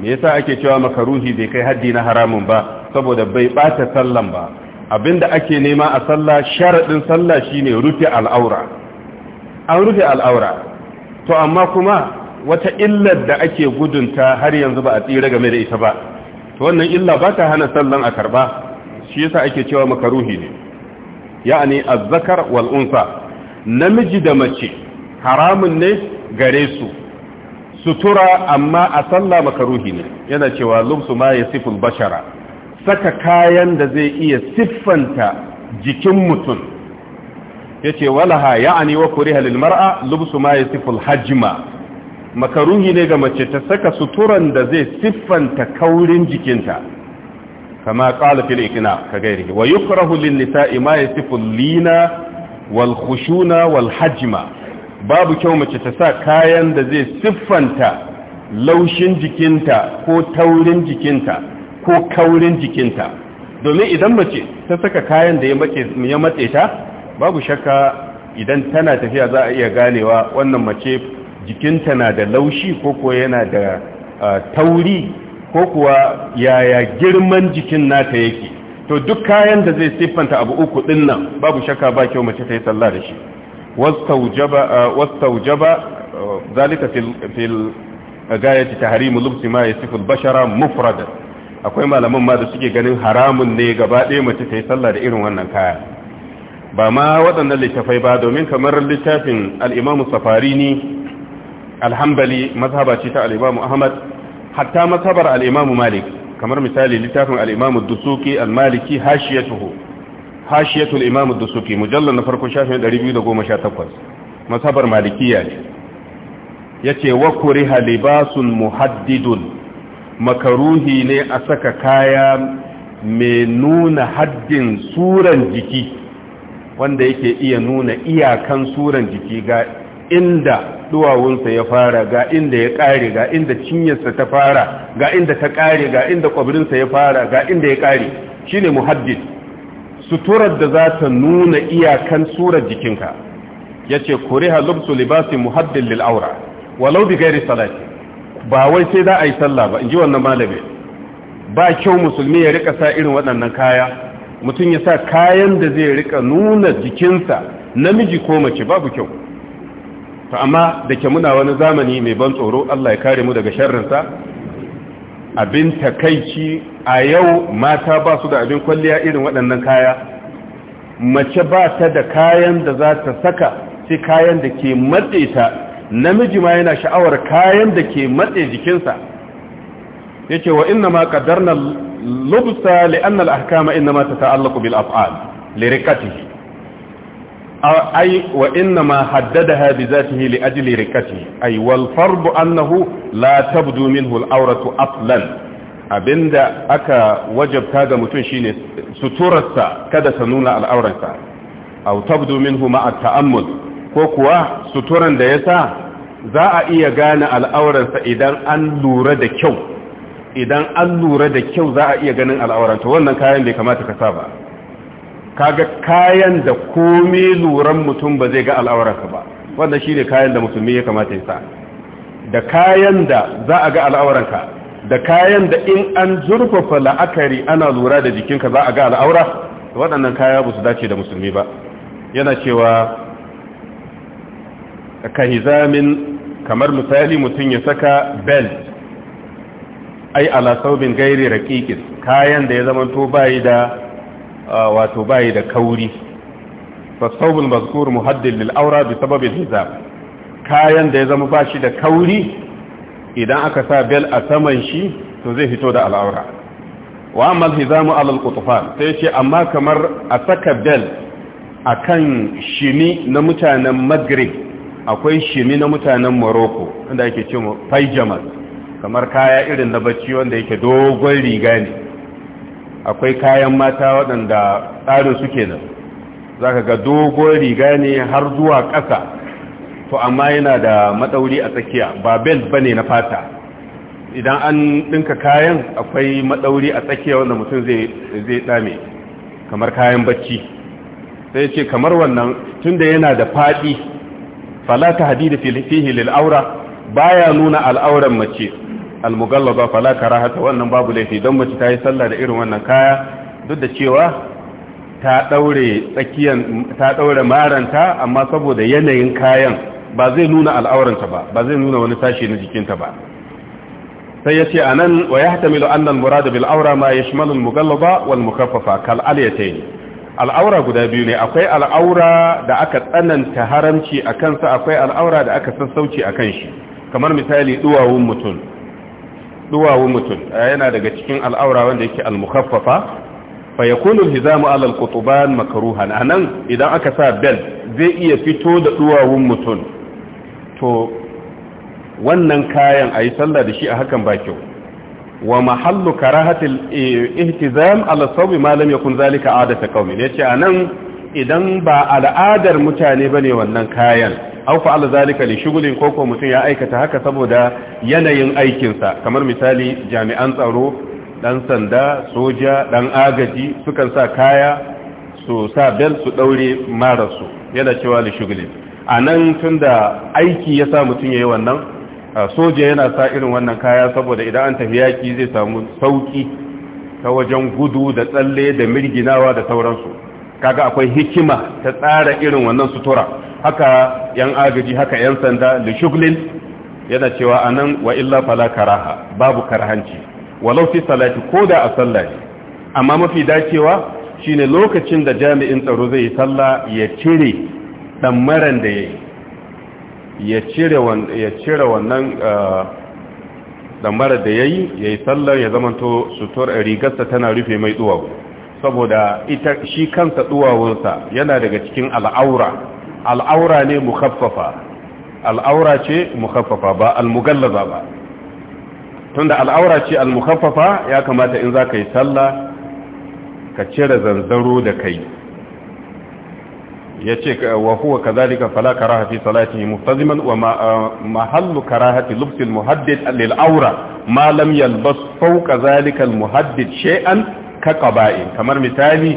me yasa ake cewa makaruhi bai kai haddi na haramun ba saboda bai bata sallan ba abinda ake nema a sallah sharadin sallah shine rufe al'aura an rufe al'aura to amma kuma wata illar da ake gudunta har yanzu ba a tsira game da ita ba to wannan illa ba ta hana sallan a karba shi yasa ake cewa makaruhi ne ya'ani azzakar wal unsa namiji da mace haramun ne gare su sutura amma a sallah makaruhi ne yana cewa lumsu ma yasiful bashara saka kayan da zai iya siffanta jikin mutum yace walaha ya'ani wa kuriha lil mar'a lubsu ma yasiful hajma makaruhi ne ga mace ta saka suturan da zai siffanta kaurin jikinta kama qala fil ikna ka gairi wa yukrahu lin nisa'i ma yasifu lina wal khushuna wal hajma babu kyau mace ta sa kayan da zai siffanta laushin jikinta ko taurin jikinta ko kaurin jikinta domin idan mace ta saka kayan da ya matse ta babu shakka idan tana tafiya za a iya ganewa wannan mace jikinta na da laushi ko kuwa yana da tauri ko kuwa yaya girman jikin nata yake to duk kayan da zai siffanta abu uku din nan babu shakka ba kyau mace ta yi sallah da shi wastaujaba zalika fil gayati tahrimu lubsi ma yasifu bashara mufradan akwai malaman ma da suke ganin haramun ne gaba ɗaya mace ta yi sallah da irin wannan kaya ba ma waɗannan littafai ba domin kamar littafin al'imamu Safarini. ne alhambali mazhaba ce ta al'imamu ahmad hatta mazhabar al'imamu malik kamar misali littafin al'imamu dusuki al-maliki hashiyatuhu hashiyatul imamu dusuki mujallar na farko shafin 218 mazhabar malikiya ne yace wa kuriha libasun muhaddidun makaruhi ne a saka kaya mai nuna haddin suran jiki wanda yake iya nuna iyakan suran jiki ga inda duwawunsa ya fara ga inda ya kare ga inda cinyarsa ta fara ga inda ta kare ga inda kwabrinsa ya fara ga inda ya kare ne muhaddid suturar da za ta nuna iyakan surar jikinka yace ce lubsu libasi muhaddin lil'aura. walau bi gairi salati ba wai sai za a yi sallah ba In ji wannan malami ba kyau musulmi ya rika sa irin waɗannan kaya mutum ya sa kayan da zai rika nuna jikinsa namiji ko mace babu kyau to amma da ke muna wani zamani mai ban tsoro Allah ya kare mu daga sharrinsa abin takaici a yau mata ba su da abin kwalliya irin waɗannan kaya mace ba ta da kayan da za ta saka sai kayan da ke matse ta namiji ma yana sha'awar kayan da ke matse jikinsa yake wa inna ma qaddarna lubsa li'anna al ahkama inna ma tata'allaqu bil af'al li rikatihi ai wa inna ma haddadaha bi zatihi li ajli rikati ai wal fardu annahu la tabdu minhu abinda aka wajabta ga mutum shine suturarsa kada ta nuna al'aurarsa Au tabdu minhu ma at ta'ammul ko kuwa suturan da yasa za a iya gane al'aurarsa idan an lura da kyau idan an lura da kyau za a iya ganin al'aurarsa wannan kayan bai kamata ka saba kaga kayan da komai luran mutum ba zai ga al'aurarsa ba wannan shine kayan da musulmi ya kamata ya sa da kayan da za a ga al'auranka da kayan da in an zurfafa la'akari ana lura da jikinka za a ga al'aura waɗannan kaya ba su dace da musulmi ba yana cewa ka hizamin kamar misali mutum ya saka belt ai ala saubin gairi raƙiƙin kayan da ya zama to bayi da wato bayi da kauri fasawul mazkur muhaddil lil aura bi sababi hijab kayan da ya zama bashi da kauri idan aka sa bel a saman shi to zai fito da al'aura wa amma hizamu alal qutfan sai ce amma kamar a saka bel akan shimi na mutanen maghrib akwai shimi na mutanen morocco inda ake ce pajamas kamar kaya irin na bacci wanda yake dogon riga ne akwai kayan mata waɗanda tsarin suke nan. za ka ga dogon riga ne har zuwa ƙasa to amma yana da maɗauri a tsakiya ba bel ba ne na fata idan an ɗinka kayan akwai maɗauri a tsakiya wanda mutum zai ɗame kamar kayan bacci sai ce kamar wannan tun da yana da faɗi falata hadida aura lil'aura ya nuna al'auran mace al-mughallaba fala karahata wannan babu laifi don mace ta yi sallah da irin wannan kaya duk da cewa ta daure tsakiyan ta daure maranta amma saboda yanayin kayan ba zai nuna al'auranta ba ba zai nuna wani tashi na jikinta ba sai yace anan wa yahtamilu anna al bil awra ma yashmalu al-mughallaba wal mukaffafa kal aliyatayn al'aura guda biyu ne akwai al'aura da aka tsananta haramci a kansa akwai al'aura da aka sassauci akan shi kamar misali duwawun mutum duwawu mutum eh, yana daga cikin al'aura wanda yake al-mukhaffafa fa yakunu hizamu ala al-qutuban makruhan anan idan aka sa bel zai iya fito da duwawun mutum to wannan kayan ayi sallah da shi a hakan ba kyau wa mahallu karahatil eh, ihtizam ala sawbi ma lam yakun zalika adatu qaumin yace anan idan ba al'adar mutane bane wannan kayan aw fa'ala zalika li shugulin ko ko mutum ya aikata haka saboda yanayin aikinsa kamar misali jami'an tsaro dan sanda soja dan agaji sukan sa kaya su sa bel su daure marasu yana cewa li shugulin anan tunda aiki ya sa mutum yi wannan soja yana sa irin wannan kaya saboda idan an tafi yaki zai samu sauki ta wajen gudu da tsalle da mirginawa da sauransu kaga akwai hikima ta tsara irin wannan sutura haka yan agaji haka yan sanda da shuglin yana cewa a nan wa illa fala karaha babu karhanci walau fi salati ko da a sallah amma mafi dacewa shine lokacin da jami'in tsaro zai yi sallah ya cire maran da ya yi ya cire wannan eh, maran da yayi yi ya yi sallar ya zamanto sutur rigarsa tana rufe mai duwawu saboda ita shi kansa duwawunsa yana daga cikin al'aura al'aura ne mukhaffafa al'aura ce mukhaffafa ba al-mugallaza ba tunda al'aura ce al-mukhaffafa ya kamata in za ka yi sallah ka cire zanzaro da kai ya ce wa huwa kazalika fala karaha fi salati muftaziman wa mahallu karahati lubsil muhaddid lil aura ma lam yalbas fawqa zalika al muhaddid shay'an ka qaba'in kamar misali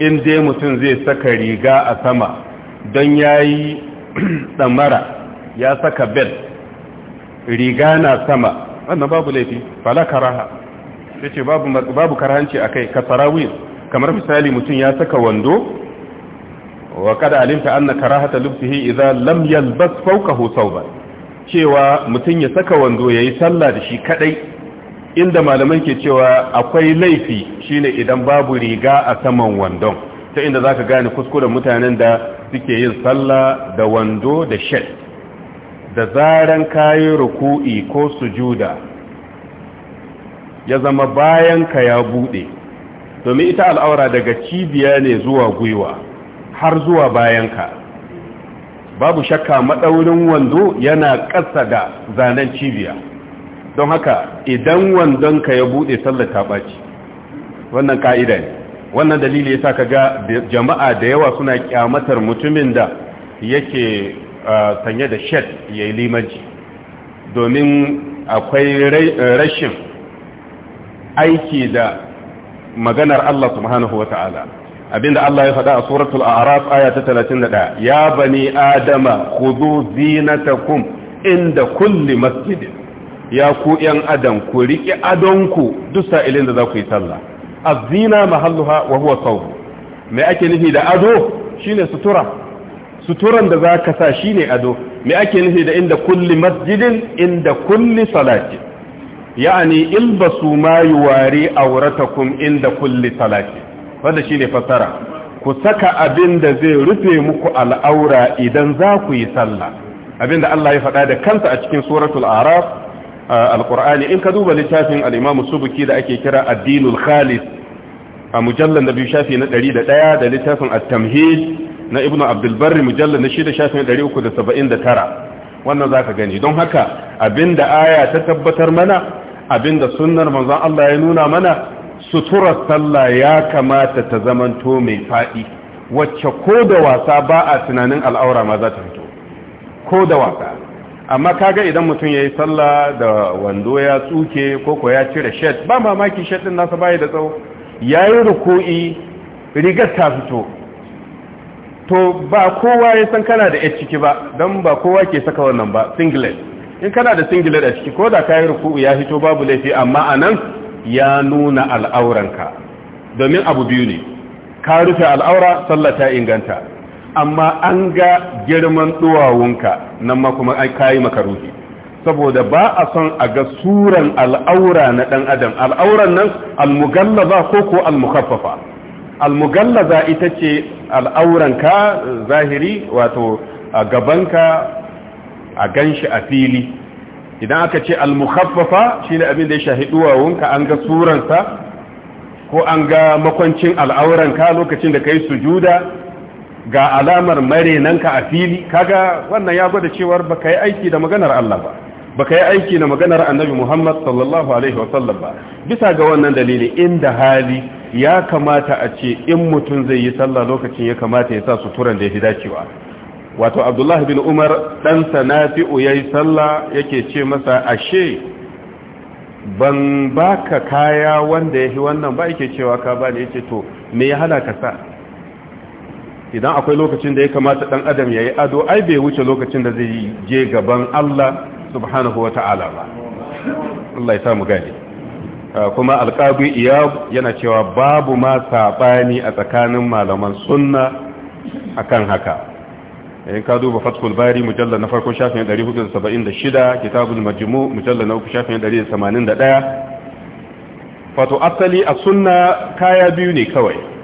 in dai mutum zai saka riga a sama don ya yi ɗamara ya saka bel riga na sama wannan babu laifi fala karaha ya ce babu karhanci a kai ka kamar misali mutum ya saka wando wa kada alimta anna karahata iza idan lam yalbas fawqahu ba cewa mutum ya saka wando ya yi sallah da shi kadai inda malaman ke cewa akwai laifi shine idan babu riga a saman wandon ta inda za ka gane kuskuren mutanen da suke yin sallah da wando da shed da zaren kayi ruku'i ko sujuda ya zama bayan ka ya buɗe domin ita al'aura daga cibiya ne zuwa gwiwa har zuwa bayan ka babu shakka madaurin wando yana ƙasa da zanen cibiya don haka idan wandon ka ya buɗe sallar ta ɓaci, wannan ka'ida ne wannan dalili yasa ga jama'a da yawa suna kyamatar mutumin da yake sanye da shed yayi limanci domin akwai rashin aiki da maganar Allah subhanahu wata'ala abinda Allah ya faɗa a suratul a'raf aya ta 31 ya bani adama khudhu zinatakum inda kulli masjidin ya ku ‘yan adam ku riƙe adonku duk sa'ilin da za ku yi sallah azina mahalluha wa huwa thawb me ake nufi da ado shine sutura suturan da za ka sa shine ado me ake nufi da inda kulli masjidin inda kulli salati ya'ani ilbasu ma yuwari auratakum inda kulli salati wanda shine fasara ku saka abin da zai rufe muku al'aura idan za ku yi sallah abin da Allah ya faɗa da kansa a cikin suratul araf alkur'ani in ka duba littafin al'imamu subuki da ake kira addinul khalis a mujallar na biyu shafi na ɗari da ɗaya da littafin at-tamhid na Ibn abdulbarri mujallar na shida shafi na ɗari uku da saba'in da tara wannan za ka gani don haka abinda aya ta tabbatar mana abinda sunnar manzon Allah ya nuna mana suturar sallah ya kamata ta zamanto mai faɗi wacce ko da wasa ba a tunanin al'aura ma za ta fito ko da wasa amma kaga idan mutum ya yi sallah da wando ya tsuke koko ya cire shed ba mamaki shed din nasa bayi da tsawo ya yi ruku'i rigar ta fito to ba kowa ya san kana da yar ciki ba don ba kowa ke saka wannan ba singlet in kana da singlet a ciki ko da ka yi ruku'u ya fito babu laifi amma a nan ya nuna al'auranka domin abu biyu ne ka rufe al'aura sallah ta inganta amma an ga girman duwawunka nan ma kuma ai kayi makaruhi saboda ba a son a ga suran al'aura na dan adam al'auran nan al-mugallaza ko ko al almugallaza al-mugallaza ita ce al'auranka zahiri wato a gabanka a ganshi a fili idan aka ce al shine abin da ya shahi duwawunka an ga suransa ko an ga makwancin al'auranka lokacin da kai sujuda ga alamar marenanka a fili kaga wannan ya gwada cewar baka yi aiki da maganar Allah ba baka yi aiki da maganar Annabi Muhammad sallallahu alaihi wasallam ba bisa ga wannan dalili inda hali ya kamata a ce in mutum zai yi sallah lokacin ya kamata ya sa suturan da ya fi dacewa wato Abdullahi bin Umar dan sanafi'u yayi sallah yake ce masa ashe ban baka kaya wanda yafi wannan ba yake cewa ka bani yace to me ya hana ka sa idan akwai lokacin da ya kamata dan adam ya yi ado ai bai wuce lokacin da zai je gaban Allah subhanahu ta'ala ba Allah ya samu gani ah, kuma alƙabi iya yana cewa babu ma saɓani a tsakanin malaman sunna akan haka yayin ka duba fatkul bari mujalla na farko shafin 476 kitabul majmu mujalla na uku shafin 181 fato asali a sunna kaya biyu ne kawai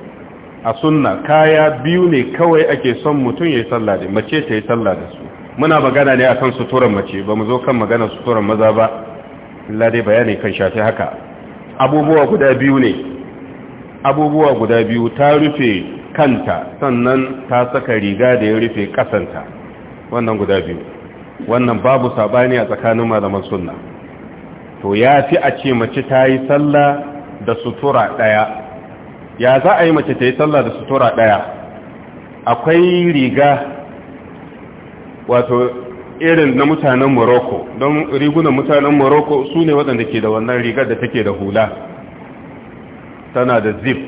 a sunna kaya biyu ne kawai ake son mutum ya yi sallah da mace ta yi sallah da su muna magana ne akan suturan mace ba mu zo kan magana suturan maza ba illa dai bayani kan shafi haka abubuwa guda biyu ne abubuwa guda biyu ta rufe kanta sannan ta saka riga da ya rufe kasanta wannan guda biyu wannan babu sabani a tsakanin malaman sunna to ya fi a ce mace ta yi sallah da sutura ɗaya ya za a yi mace ta yi sallah da sutura ɗaya akwai riga wato irin na mutanen morocco don rigunan mutanen morocco su ne waɗanda ke da wannan rigar da take da hula tana da zip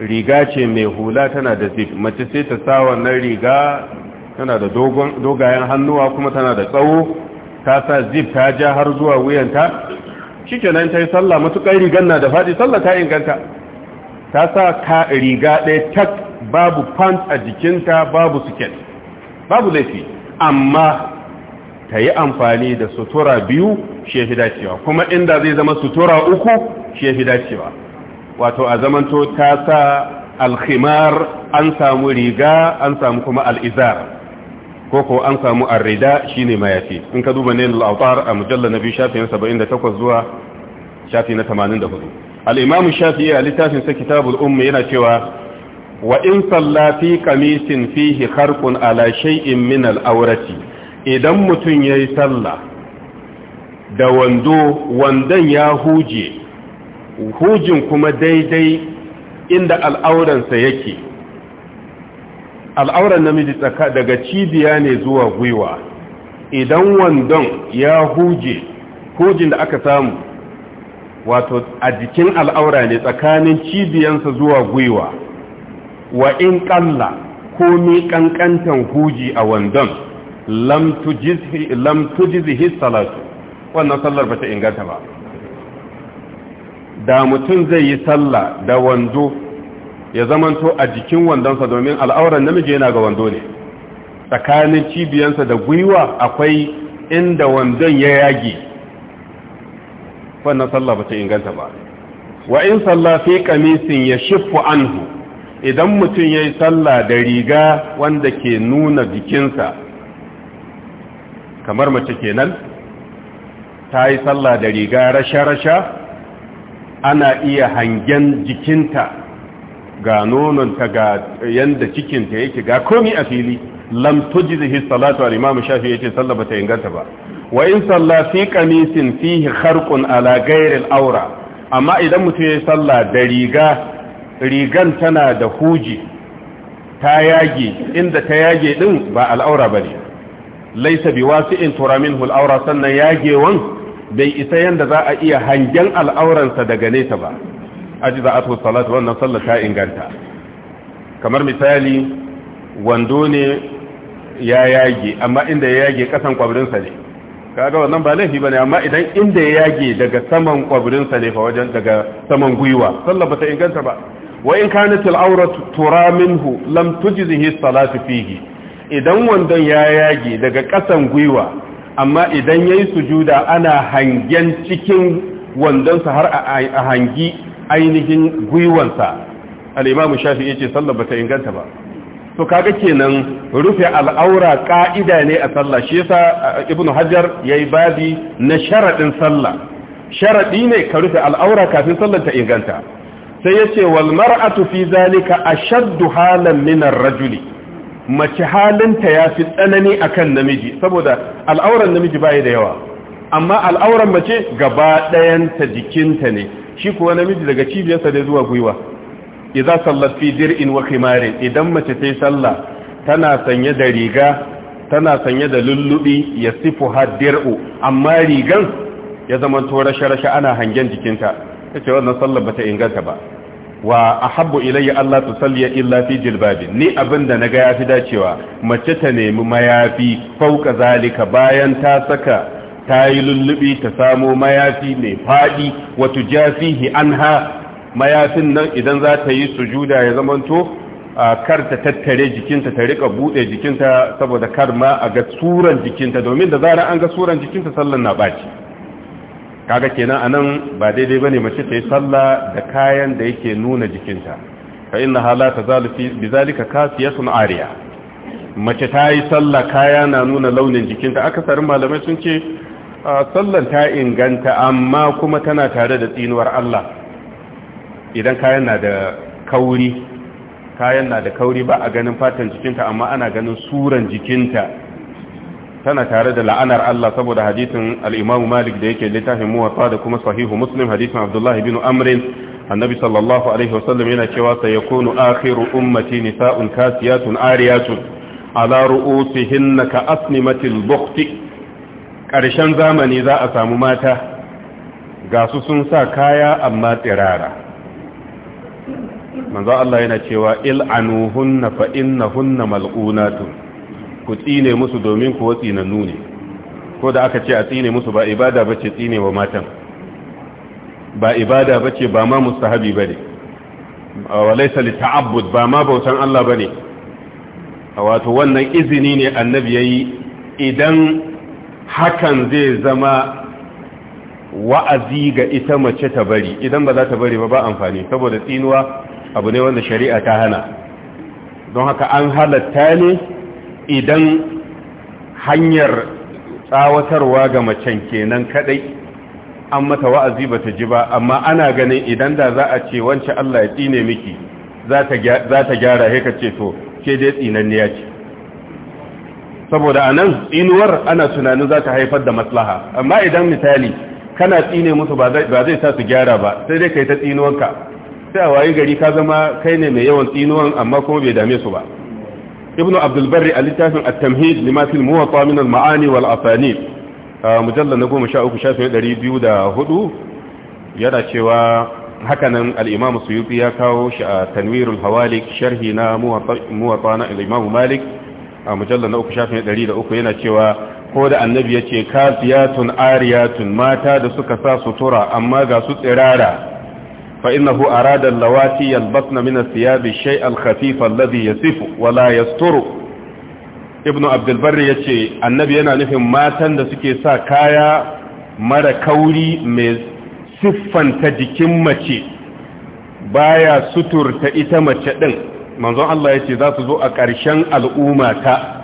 riga ce mai hula tana da zip mace sai ta sa wannan riga tana da dogayen hannuwa kuma tana da tsawo ta sa zip ta ja har zuwa wuyanta shi kenan ta yi sallah matuƙar rigar na da faɗi sallah ta inganta ta sa ka riga ɗaya tak babu pants a jikinta babu suket babu laifi amma ta yi amfani da sutura biyu shi ya fi dacewa kuma inda zai zama sutura uku shi ya fi dacewa wato a zamanto ta sa alkhimar an samu riga an samu kuma al'izar ko ko an samu arrida shi ne mayafi in ka duba ne al'autar a mujallar na biyu shafi na 78 zuwa shafi na 84 Al'imamin shafi'i a littafin sa kitabul umm yana cewa wa in salla fi qamisin fihi kharqun ala shay'in min al'aurati. Idan mutum ya yayi sallah da wando wandan ya huje hujin kuma daidai inda al'auransa yake al'auran namiji tsaka daga cibiya ne zuwa gwiwa idan wandon ya huje hujin da aka samu wato a jikin al'aura ne tsakanin cibiyansa zuwa gwiwa wa in ƙalla komi ƙanƙantan huji a wandon lam tujizihi salatu wannan sallar ba inganta ba da mutum zai yi sallah da wando ya zamanto a jikin wandonsa domin al'auran namiji yana ga wando ne tsakanin cibiyansa da gwiwa akwai inda wandon ya yage wannan sallah ba ta inganta ba wa in sallah fi kamisin ya anhu idan mutum yayi sallah da riga wanda ke nuna jikinsa kamar mace kenan ta yi sallah da riga rasha-rasha ana iya hangen jikinta ga nononta ga yanda cikinta yake ga komi a fili lam tujizihi salatu al-imam shafi'i yace sallah bata inganta ba wa in salla fi kamisin fihi kharqun ala ghairi al-awra amma idan mutum ya salla da riga rigan tana da huji ta yage inda ta yage din ba al-awra bane laysa in turaminhu al-awra sannan yagewan bai isa yanda za a iya hangen al'auransa daga nesa ba ajiza atu salatu wannan sallar ta inganta kamar misali wando ne ya yage amma inda ya yage kasan kwabrinsa ne kaga wannan ba laifi bane amma idan inda ya yage daga saman kwabirinsa ne fa wajen daga saman gwiwa sallah bata inganta ba wa in kanat al-awratu tura minhu lam tujzihi salatu fihi idan wandon ya yage daga kasan gwiwa amma idan yayi sujuda ana hangen cikin wandonsa har a hangi ainihin gwiwansa al-imam shafi'i yace sallah bata inganta ba to kaga kenan rufe al'aura ka'ida ne a sallah shi yasa uh, ibn hajar yayi babi na sharadin sallah sharadi ne ka rufe al'aura kafin sallar ta inganta sai yace wal mar'atu fi zalika ashaddu halan min ar-rajuli mace halinta yafi tsanani akan namiji saboda al'auran namiji bai da yawa amma al'auran mace gaba ta jikinta ne shi kuwa namiji daga cibiyarsa da zuwa gwiwa idza sallat fi dir'in wa idan mace tayi sallah tana sanye da riga tana sanye da lullubi yasifu hadir'u amma rigan ya zama to rashe-rashe ana hangen jikinta tace wannan sallar bata inganta ba wa ahabbu ilayya Allah tusalli illa fi jilbabi ni abinda naga ya fi dacewa mace ta nemi mayafi fauka zalika bayan ta saka tayi lullubi ta samo mayafi mai faɗi wato tujafihi anha mayafin nan idan za ta yi sujuda ya zamanto kar ta tattare jikinta ta rika bude jikinta saboda kar ma a ga suran jikinta domin da zarar an ga suran jikinta sallan na baci kaga kenan anan ba daidai bane mace ta yi sallah da kayan da yake nuna jikinta fa inna hala ta tazalu fi bizalika kasiyatun ariya mace ta yi sallah kaya na nuna launin jikinta akasarin malamai sun ce sallan ta inganta amma kuma tana tare da tsinuwar Allah idan kayan na da kauri kayan na da kauri ba a ganin fatan jikinta amma ana ganin suran jikinta tana tare da la'anar Allah saboda hadisin al-Imam Malik da yake littafin Muwatta da kuma Sahihu Muslim hadisin Abdullah ibn Amr annabi sallallahu alaihi wasallam yana cewa sayakunu akhiru ummati nisa'un kasiyatun ariyatun ala ru'usihinna ka asnimatil bukhti karshen zamani za a samu mata ga su sun sa kaya amma tsirara manzo Allah yana cewa anuhunna fa innahunna mal'unatun ku tsine musu domin ku watsina nune ko da aka ce a tsine musu ba ibada bace tsine wa matan ba ibada bace ba ma mustahabi bane wa laysa ta'abbud ba ma bautan Allah bane wato wannan izini ne annabi yayi idan hakan zai zama wa'azi ga ita mace ta bari idan ba za ta bari ba ba amfani saboda tsinuwa abu ne wanda shari'a ta hana don haka an halatta ne idan hanyar tsawatarwa ga macen kenan kadai an mata wa'azi ba ta ji ba amma ana ganin idan da za a ce wancan Allah ya tsine miki za ta gyara haka ce to ke dai tsinanniya ce saboda anan tsinuwar ana tunanin za ta haifar da maslaha amma idan misali kana tsine musu ba zai sa su gyara ba sai dai kai ta tsinuwanka sai a wayi gari ka zama kai ne mai yawan tsinuwan amma kuma bai dame su ba ibnu abdul barri a littafin at-tamhid lima fil muwatta min al-ma'ani wal asanid mujallal na 13 shafin 204 yana cewa hakanan al-imam suyuti ya kawo shi a tanwirul hawalik sharhi na muwatta na al-imam malik a mujallal na 13 shafin yana cewa ko da annabi ya ce kafiyatun ariyatun mata da suka sa sutura amma ga su tsirara fa innahu arada allawati yalbasna min athiyab shay al-khafif alladhi wa la ibnu abdul barri yace annabi yana nufin matan da suke sa kaya mara kauri mai siffanta jikin mace baya suturta ita mace din manzon Allah yace za su zo a ƙarshen al'umma ta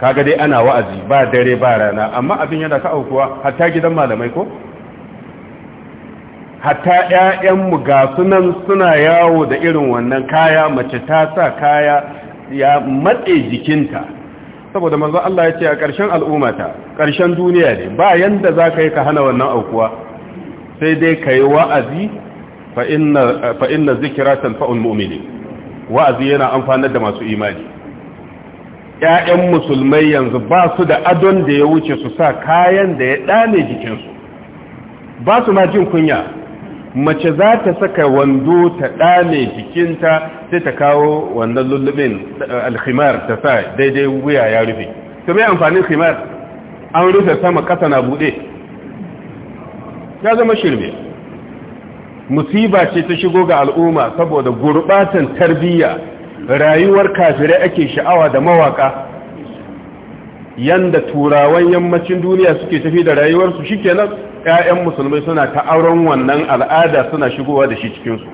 kaga dai ana wa'azi ba dare ba rana amma abin yana ka aukuwa hatta gidan malamai ko hatta mu ga sunan suna yawo da irin wannan kaya mace ta sa kaya ya matse jikinta saboda manzo Allah ya ce a ƙarshen al'umma ta ƙarshen duniya ne ba yanda za ka yi ka hana wannan aukuwa sai dai ka yi wa'azi fa inna zikira fa'ul mu'mini wa'azi yana amfanar da masu imani ‘ya'yan musulmai yanzu ba su da adon da ya wuce su sa kayan da ya ɗane jikinsu ba su ma jin kunya mace za ta saka wando ta ɗane jikinta sai ta kawo wannan lullubin eh, alkhimar ta sa daidai wuya ya rufe ta mai amfanin khimar an rufe sama ƙasa na buɗe ya zama shirme musiba ce ta shigo ga al'umma saboda gurɓatan tarbiyya rayuwar kafirai ake sha'awa da mawaka yanda turawan yammacin duniya suke tafi da rayuwarsu shikenan ƴaƴan musulmai suna ta auren wannan al'ada suna shigowa da shi cikin su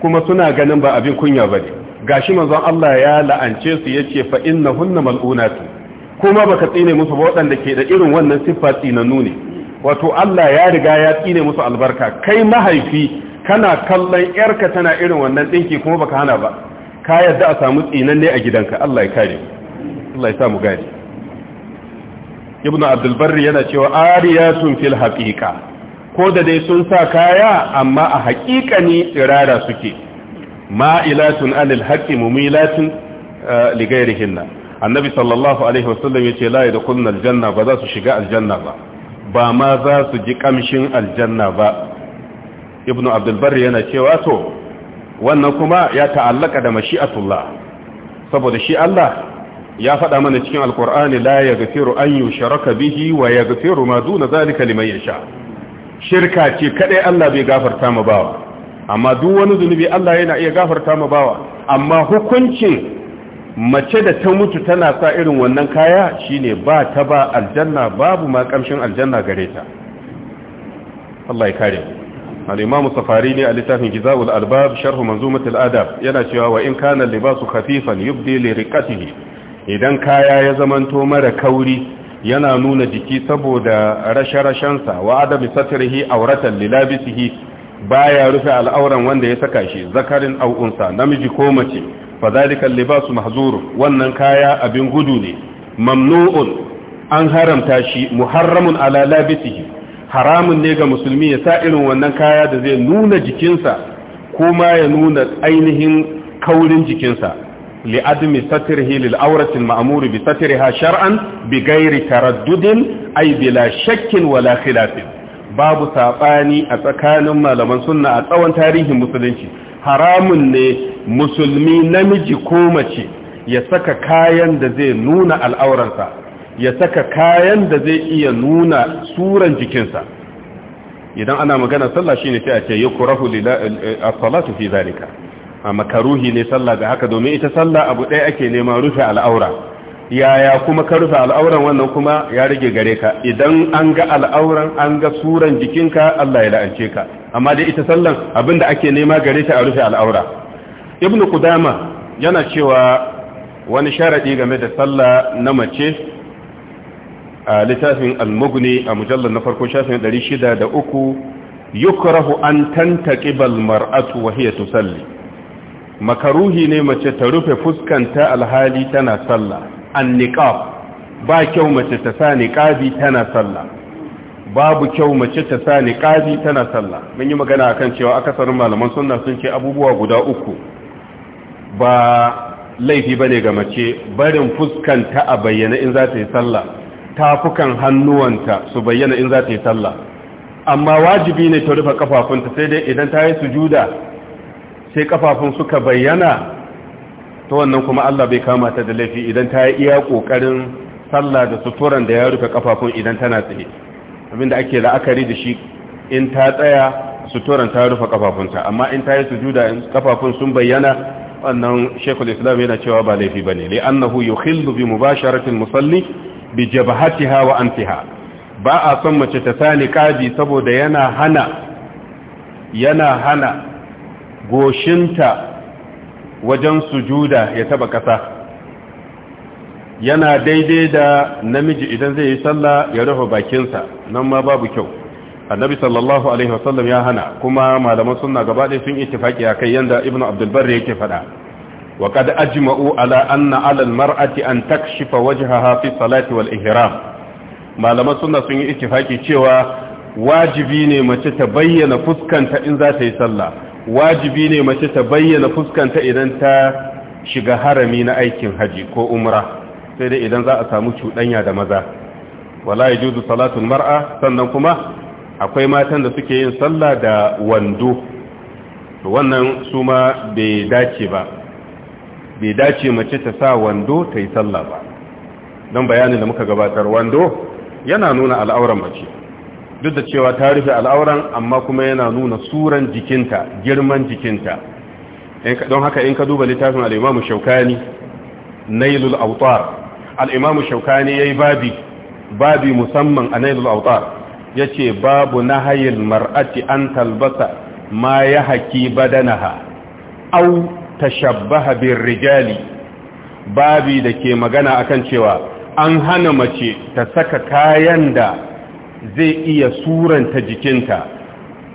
kuma suna ganin ba abin kunya bane gashi manzon Allah ya la'ance su yace fa innahunna mal'unatu kuma baka tsine musu ba waɗanda ke da irin wannan siffa tsinanu ne wato Allah ya riga ya tsine musu albarka kai mahaifi kana kallon yarka tana irin wannan dinki kuma baka hana ba ka yadda a samu tsinanne a gidanka Allah ya kare Allah ya samu gari ibnu abdul barri yana cewa ariyatun fil haqiqa ko da dai sun sa kaya amma a haƙiƙani tsirara suke ma'ilatun anil haqqi mumilatun eh, li ghairihinna annabi sallallahu alaihi wasallam yace la yadkhulna aljanna ba za su shiga aljanna ba ba ma za su ji kamshin aljanna ba ibnu abdul yana cewa to wannan kuma ya ta'allaka da mashi'atullah saboda shi Allah ya faɗa mana cikin alkur'ani la gafiru an yushraka bihi wa yaghfiru ma duna zalika liman sha. shirka ce kaɗai Allah bai gafarta ma bawa amma duk wani zunubi Allah yana iya gafarta ma bawa amma hukuncin mace da ta mutu tana sa irin wannan kaya shine ba ta ba aljanna babu ma kamshin aljanna gare ta Allah ya kare mu alimamu safari ne a littafin gizawul albab sharhu manzumat al-adab yana cewa wa in kana libasu khafifan yubdi li riqatihi idan kaya ya zamanto mara kauri yana nuna jiki saboda rasharashansa wa adami satrihi auratan lilabisihi baya rufe al'auran wanda ya saka shi zakarin au'unsa namiji ko mace fazalikan libasu mahzur wannan kaya abin gudu ne mamnu'un an haramta shi muharramun ala labisihi haramun ne ga musulmi ya sa irin wannan kaya da zai nuna jikinsa ko ma ya nuna ainihin kaurin jikinsa li'admi satirhi lil auratil ma'muri bi satriha shar'an bi ghairi taraddudin ay bila shakkin wala khilafin babu sabani a tsakanin malaman sunna a tsawon tarihin musulunci haramun ne musulmi namiji ko mace ya saka kayan da zai nuna al'auransa ya saka kayan da zai iya nuna suran jikinsa idan ana magana sallah shine sai a ce yukrahu eh, as-salatu fi zalika makaruhi ne sallah ga haka domin ita sallah abu ɗaya ake nema rufe al'aura yaya kuma ka rufe al'auran wannan kuma ya rage gare ka idan an ga al'auran an ga suran jikinka Allah ya la'ance ka amma dai ita sallan abinda ake nema gare ta a rufe al'aura ibnu kudama yana cewa wani sharadi game da sallah na mace a littafin al-mughni a mujallar na farko shafin 603 yukrahu an bal mar'atu wa hiya tusalli makaruhi ne mace ta rufe fuskanta alhali tana sallah an-niqab ba kyau mace ta sa niqabi tana sallah babu kyau mace ta sa niqabi tana sallah mun yi magana akan cewa akasarin malaman sunna sun ce abubuwa guda uku ba laifi bane ga mace barin fuskanta a bayyana in za ta yi sallah tafukan hannuwanta su bayyana in za ta yi sallah amma wajibi ne ta rufe kafafunta sai dai idan ta yi sujuda sai kafafun suka bayyana ta wannan kuma Allah bai kama ta da laifi idan ta yi iya kokarin sallah da suturan da ya rufe kafafun idan tana tsaye abinda ake la'akari da shi in ta tsaya suturan ta rufe kafafunta amma in ta yi sujuda in kafafun sun bayyana wannan shekul islam yana cewa ba laifi bane li annahu yukhillu bi mubasharatin musalli bi jabhatiha wa anfiha ba a son mace ta sani kaji saboda yana hana yana hana goshinta wajen sujuda ya taba kasa yana daidai da namiji idan zai yi sallah ya rufe bakinsa nan ma babu kyau annabi sallallahu alaihi wasallam ya hana kuma malaman sunna gaba ɗaya sun tafaki akai yanda ibnu abdul barri yake faɗa wa qad ajma'u ala anna marati an takshifa wajhaha fi salati wal ihram malaman sunna sun yi ittifaki cewa wajibi ne mace ta bayyana fuskanta in za ta yi sallah wajibi ne mace ta bayyana fuskanta idan ta shiga harami na aikin haji ko umra sai dai idan za a samu cuɗanya da maza wala yajuzu salatul mar'a sannan kuma akwai matan da suke yin sallah da wando to wannan su ma bai dace ba bai dace mace ta sa wando ta yi sallah ba don bayanin da muka gabatar wando yana nuna al'auran mace duk da cewa ta rufe al'auran amma kuma yana nuna suran jikinta girman jikinta don haka in ka duba littafin al'imamu shaukani nailul autar al'imamu shaukani ya yi babi babi musamman a nailul autar ya ce babu na hayin mar'ati an talbasa ma ya haki badanaha au tashabbaha bir rijali babi da ke magana akan cewa an hana mace ta saka kayan da zai iya suranta jikinta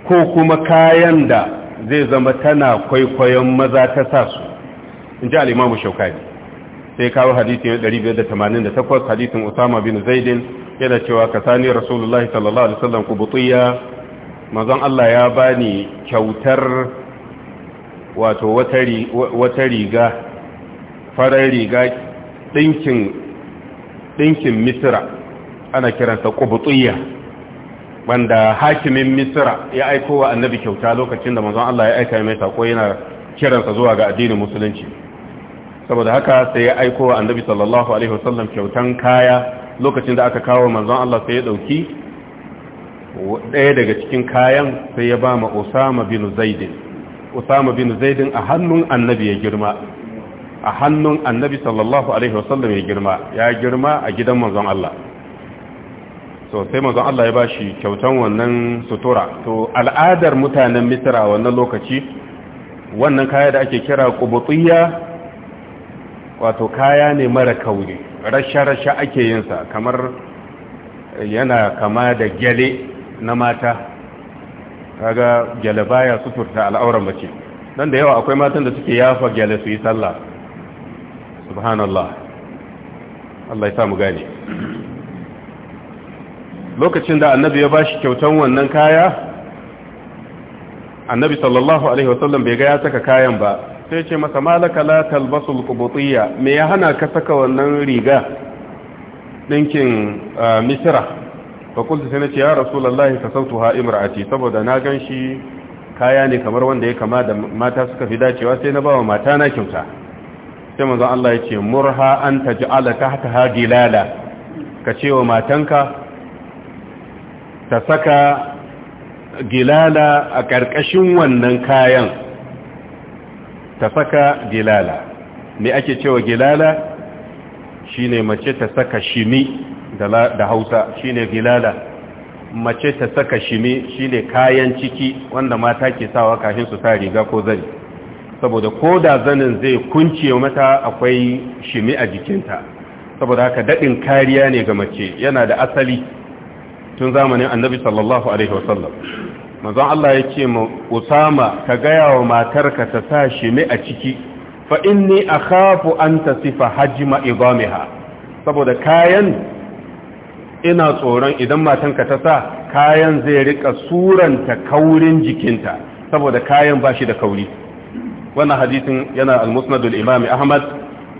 ko kuma kayan da zai zama tana kwaikwayon maza ta sa su in ji al'imamu shaukani sai kawo hadisin 588 hadithin usama bin zaidin yana cewa ka sani rasulullahi sallallahu alaihi ku kubutiyya manzon Allah ya bani kyautar wato wata riga farar riga ɗinkin misira ana kiransa ƙubutuyya wanda hakimin misira ya aiko wa annabi kyauta lokacin da manzon Allah ya aika mai saƙo, yana kiransa zuwa ga addinin musulunci saboda haka sai ya aiko wa annabi sallallahu alaihi wasallam kyautan kaya lokacin da aka kawo manzon Allah sai ya ɗauki ɗaya daga cikin kayan sai ya ba ma Osama bin Zaidin usama bin zaidin a hannun annabi ya girma a hannun annabi sallallahu alaihi wasallam ya girma ya girma a gidan manzon Allah so sai manzon Allah ya bashi kyautan wannan sutura to al'adar mutanen misra wannan lokaci wannan kaya da ake kira qubutiyya wato kaya ne mara kauri rasha-rasha ake yinsa kamar yana kama da gyale na mata kaga gyale baya suturta al'auran mace dan da yawa akwai matan da suke yafa gyale su yi sallah subhanallah Allah ya samu gane lokacin da annabi ya bashi kyautan wannan kaya annabi sallallahu alaihi wasallam bai ga ya saka kayan ba sai ce masa malaka la al qubutiyya me ya hana ka saka wannan riga dinkin eh, misra fa sai sai ce ya rasulullahi kasautuha imra'ati saboda na ganshi kaya ne kamar wanda ya kama da mata suka fi dacewa sai na bawa mata na kyauta sai manzon Allah ya ce murha an taj'ala ha gilala ka ce wa matanka ta saka gilala a ƙarƙashin wannan kayan ta saka gilala me ake cewa gilala shine mace ta saka shimi da hausa shine gilala mace ta saka shime shine kayan ciki wanda mata ke sawa kafin su sa riga ko zani saboda ko da zanin zai kunce mata akwai shime a jikinta saboda haka daɗin kariya ne ga mace yana da asali tun zamanin annabi sallallahu alaihi wasallam manzon Allah ya ce ma Usama ka gaya wa matarka ta sa shime a ciki fa a kafu an tasifa hajma idamiha saboda kayan ina tsoron idan matanka ta sa kayan zai rika suranta kaurin jikinta saboda kayan bashi da kauri wannan hadisin yana al-musnadul imam ahmad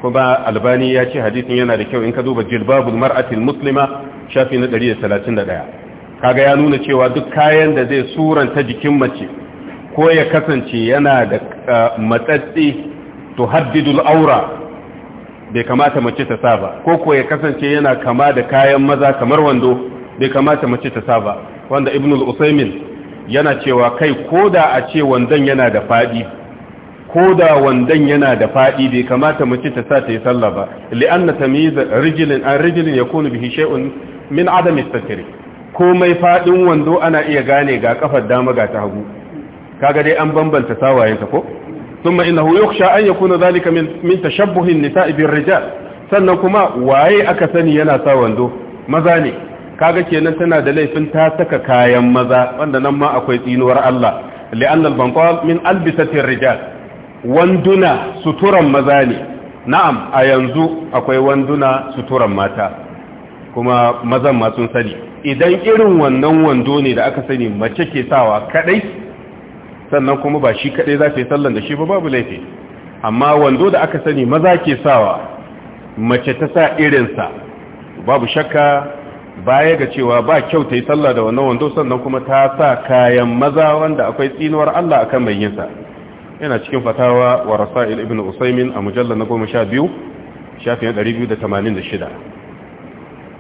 kuma albani ya ce hadisin yana da kyau in ka duba jilbabul mar'atil muslima shafi na 131 kaga ya nuna cewa duk kayan da zai suranta jikin mace ko ya kasance yana da eh, matsatsi tuhaddidul aura bai kamata mace ta sa ba ko ko ya kasance yana kama da kayan maza kamar wando bai kamata mace ta sa ba wanda ibn al-usaymin yana cewa kai koda a ce wandon yana da fadi koda wandon yana da fadi bai kamata mace ta sa ta yi sallah ba li'anna tamyiz rijlin an rijlin yakunu bihi shay'un min adam istatri komai fadin wando ana iya gane ga kafar dama ga ta hagu kaga dai an bambanta sawayen ko ثم إنه يخشى أن يكون ذلك من, من تشبه النساء بالرجال sannan kuma waye aka sani yana sa wando maza ne kaga kenan tana da laifin ta saka kayan maza wanda nan ma akwai tsinuwar Allah li'anna al-banqal min albisati rijal wanduna suturan maza ne na'am a yanzu akwai wanduna suturan mata kuma mazan ma sun sani idan irin wannan wando ne da aka sani mace ke sawa kadai sannan kuma ba shi kaɗai za ta yi sallan da shi ba babu laifi amma wando da aka sani maza ke sawa mace ta sa irinsa babu shakka baya ga cewa ba kyau ta yi sallah da wannan wando sannan kuma ta sa kayan maza wanda akwai tsinuwar Allah akan mai yinsa yana cikin fatawa wa rasail ibn usaimin a mujallar na goma sha biyu shafin 286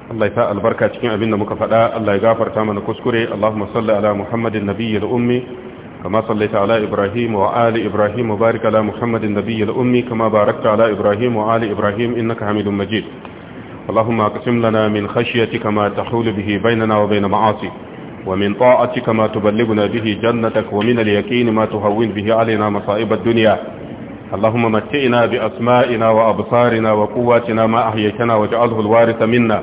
Allah ya sa albarka cikin abin da muka faɗa Allah ya gafarta mana kuskure Allahumma salli ala Muhammadin nabiyyil ummi كما صليت على إبراهيم وآل إبراهيم وبارك على محمد النبي الأمي كما باركت على إبراهيم وآل إبراهيم إنك حميد مجيد اللهم اقسم لنا من خشيتك ما تحول به بيننا وبين معاصيك ومن طاعتك ما تبلغنا به جنتك ومن اليقين ما تهون به علينا مصائب الدنيا اللهم متئنا بأسمائنا وأبصارنا وقواتنا ما أحييتنا واجعله الوارث منا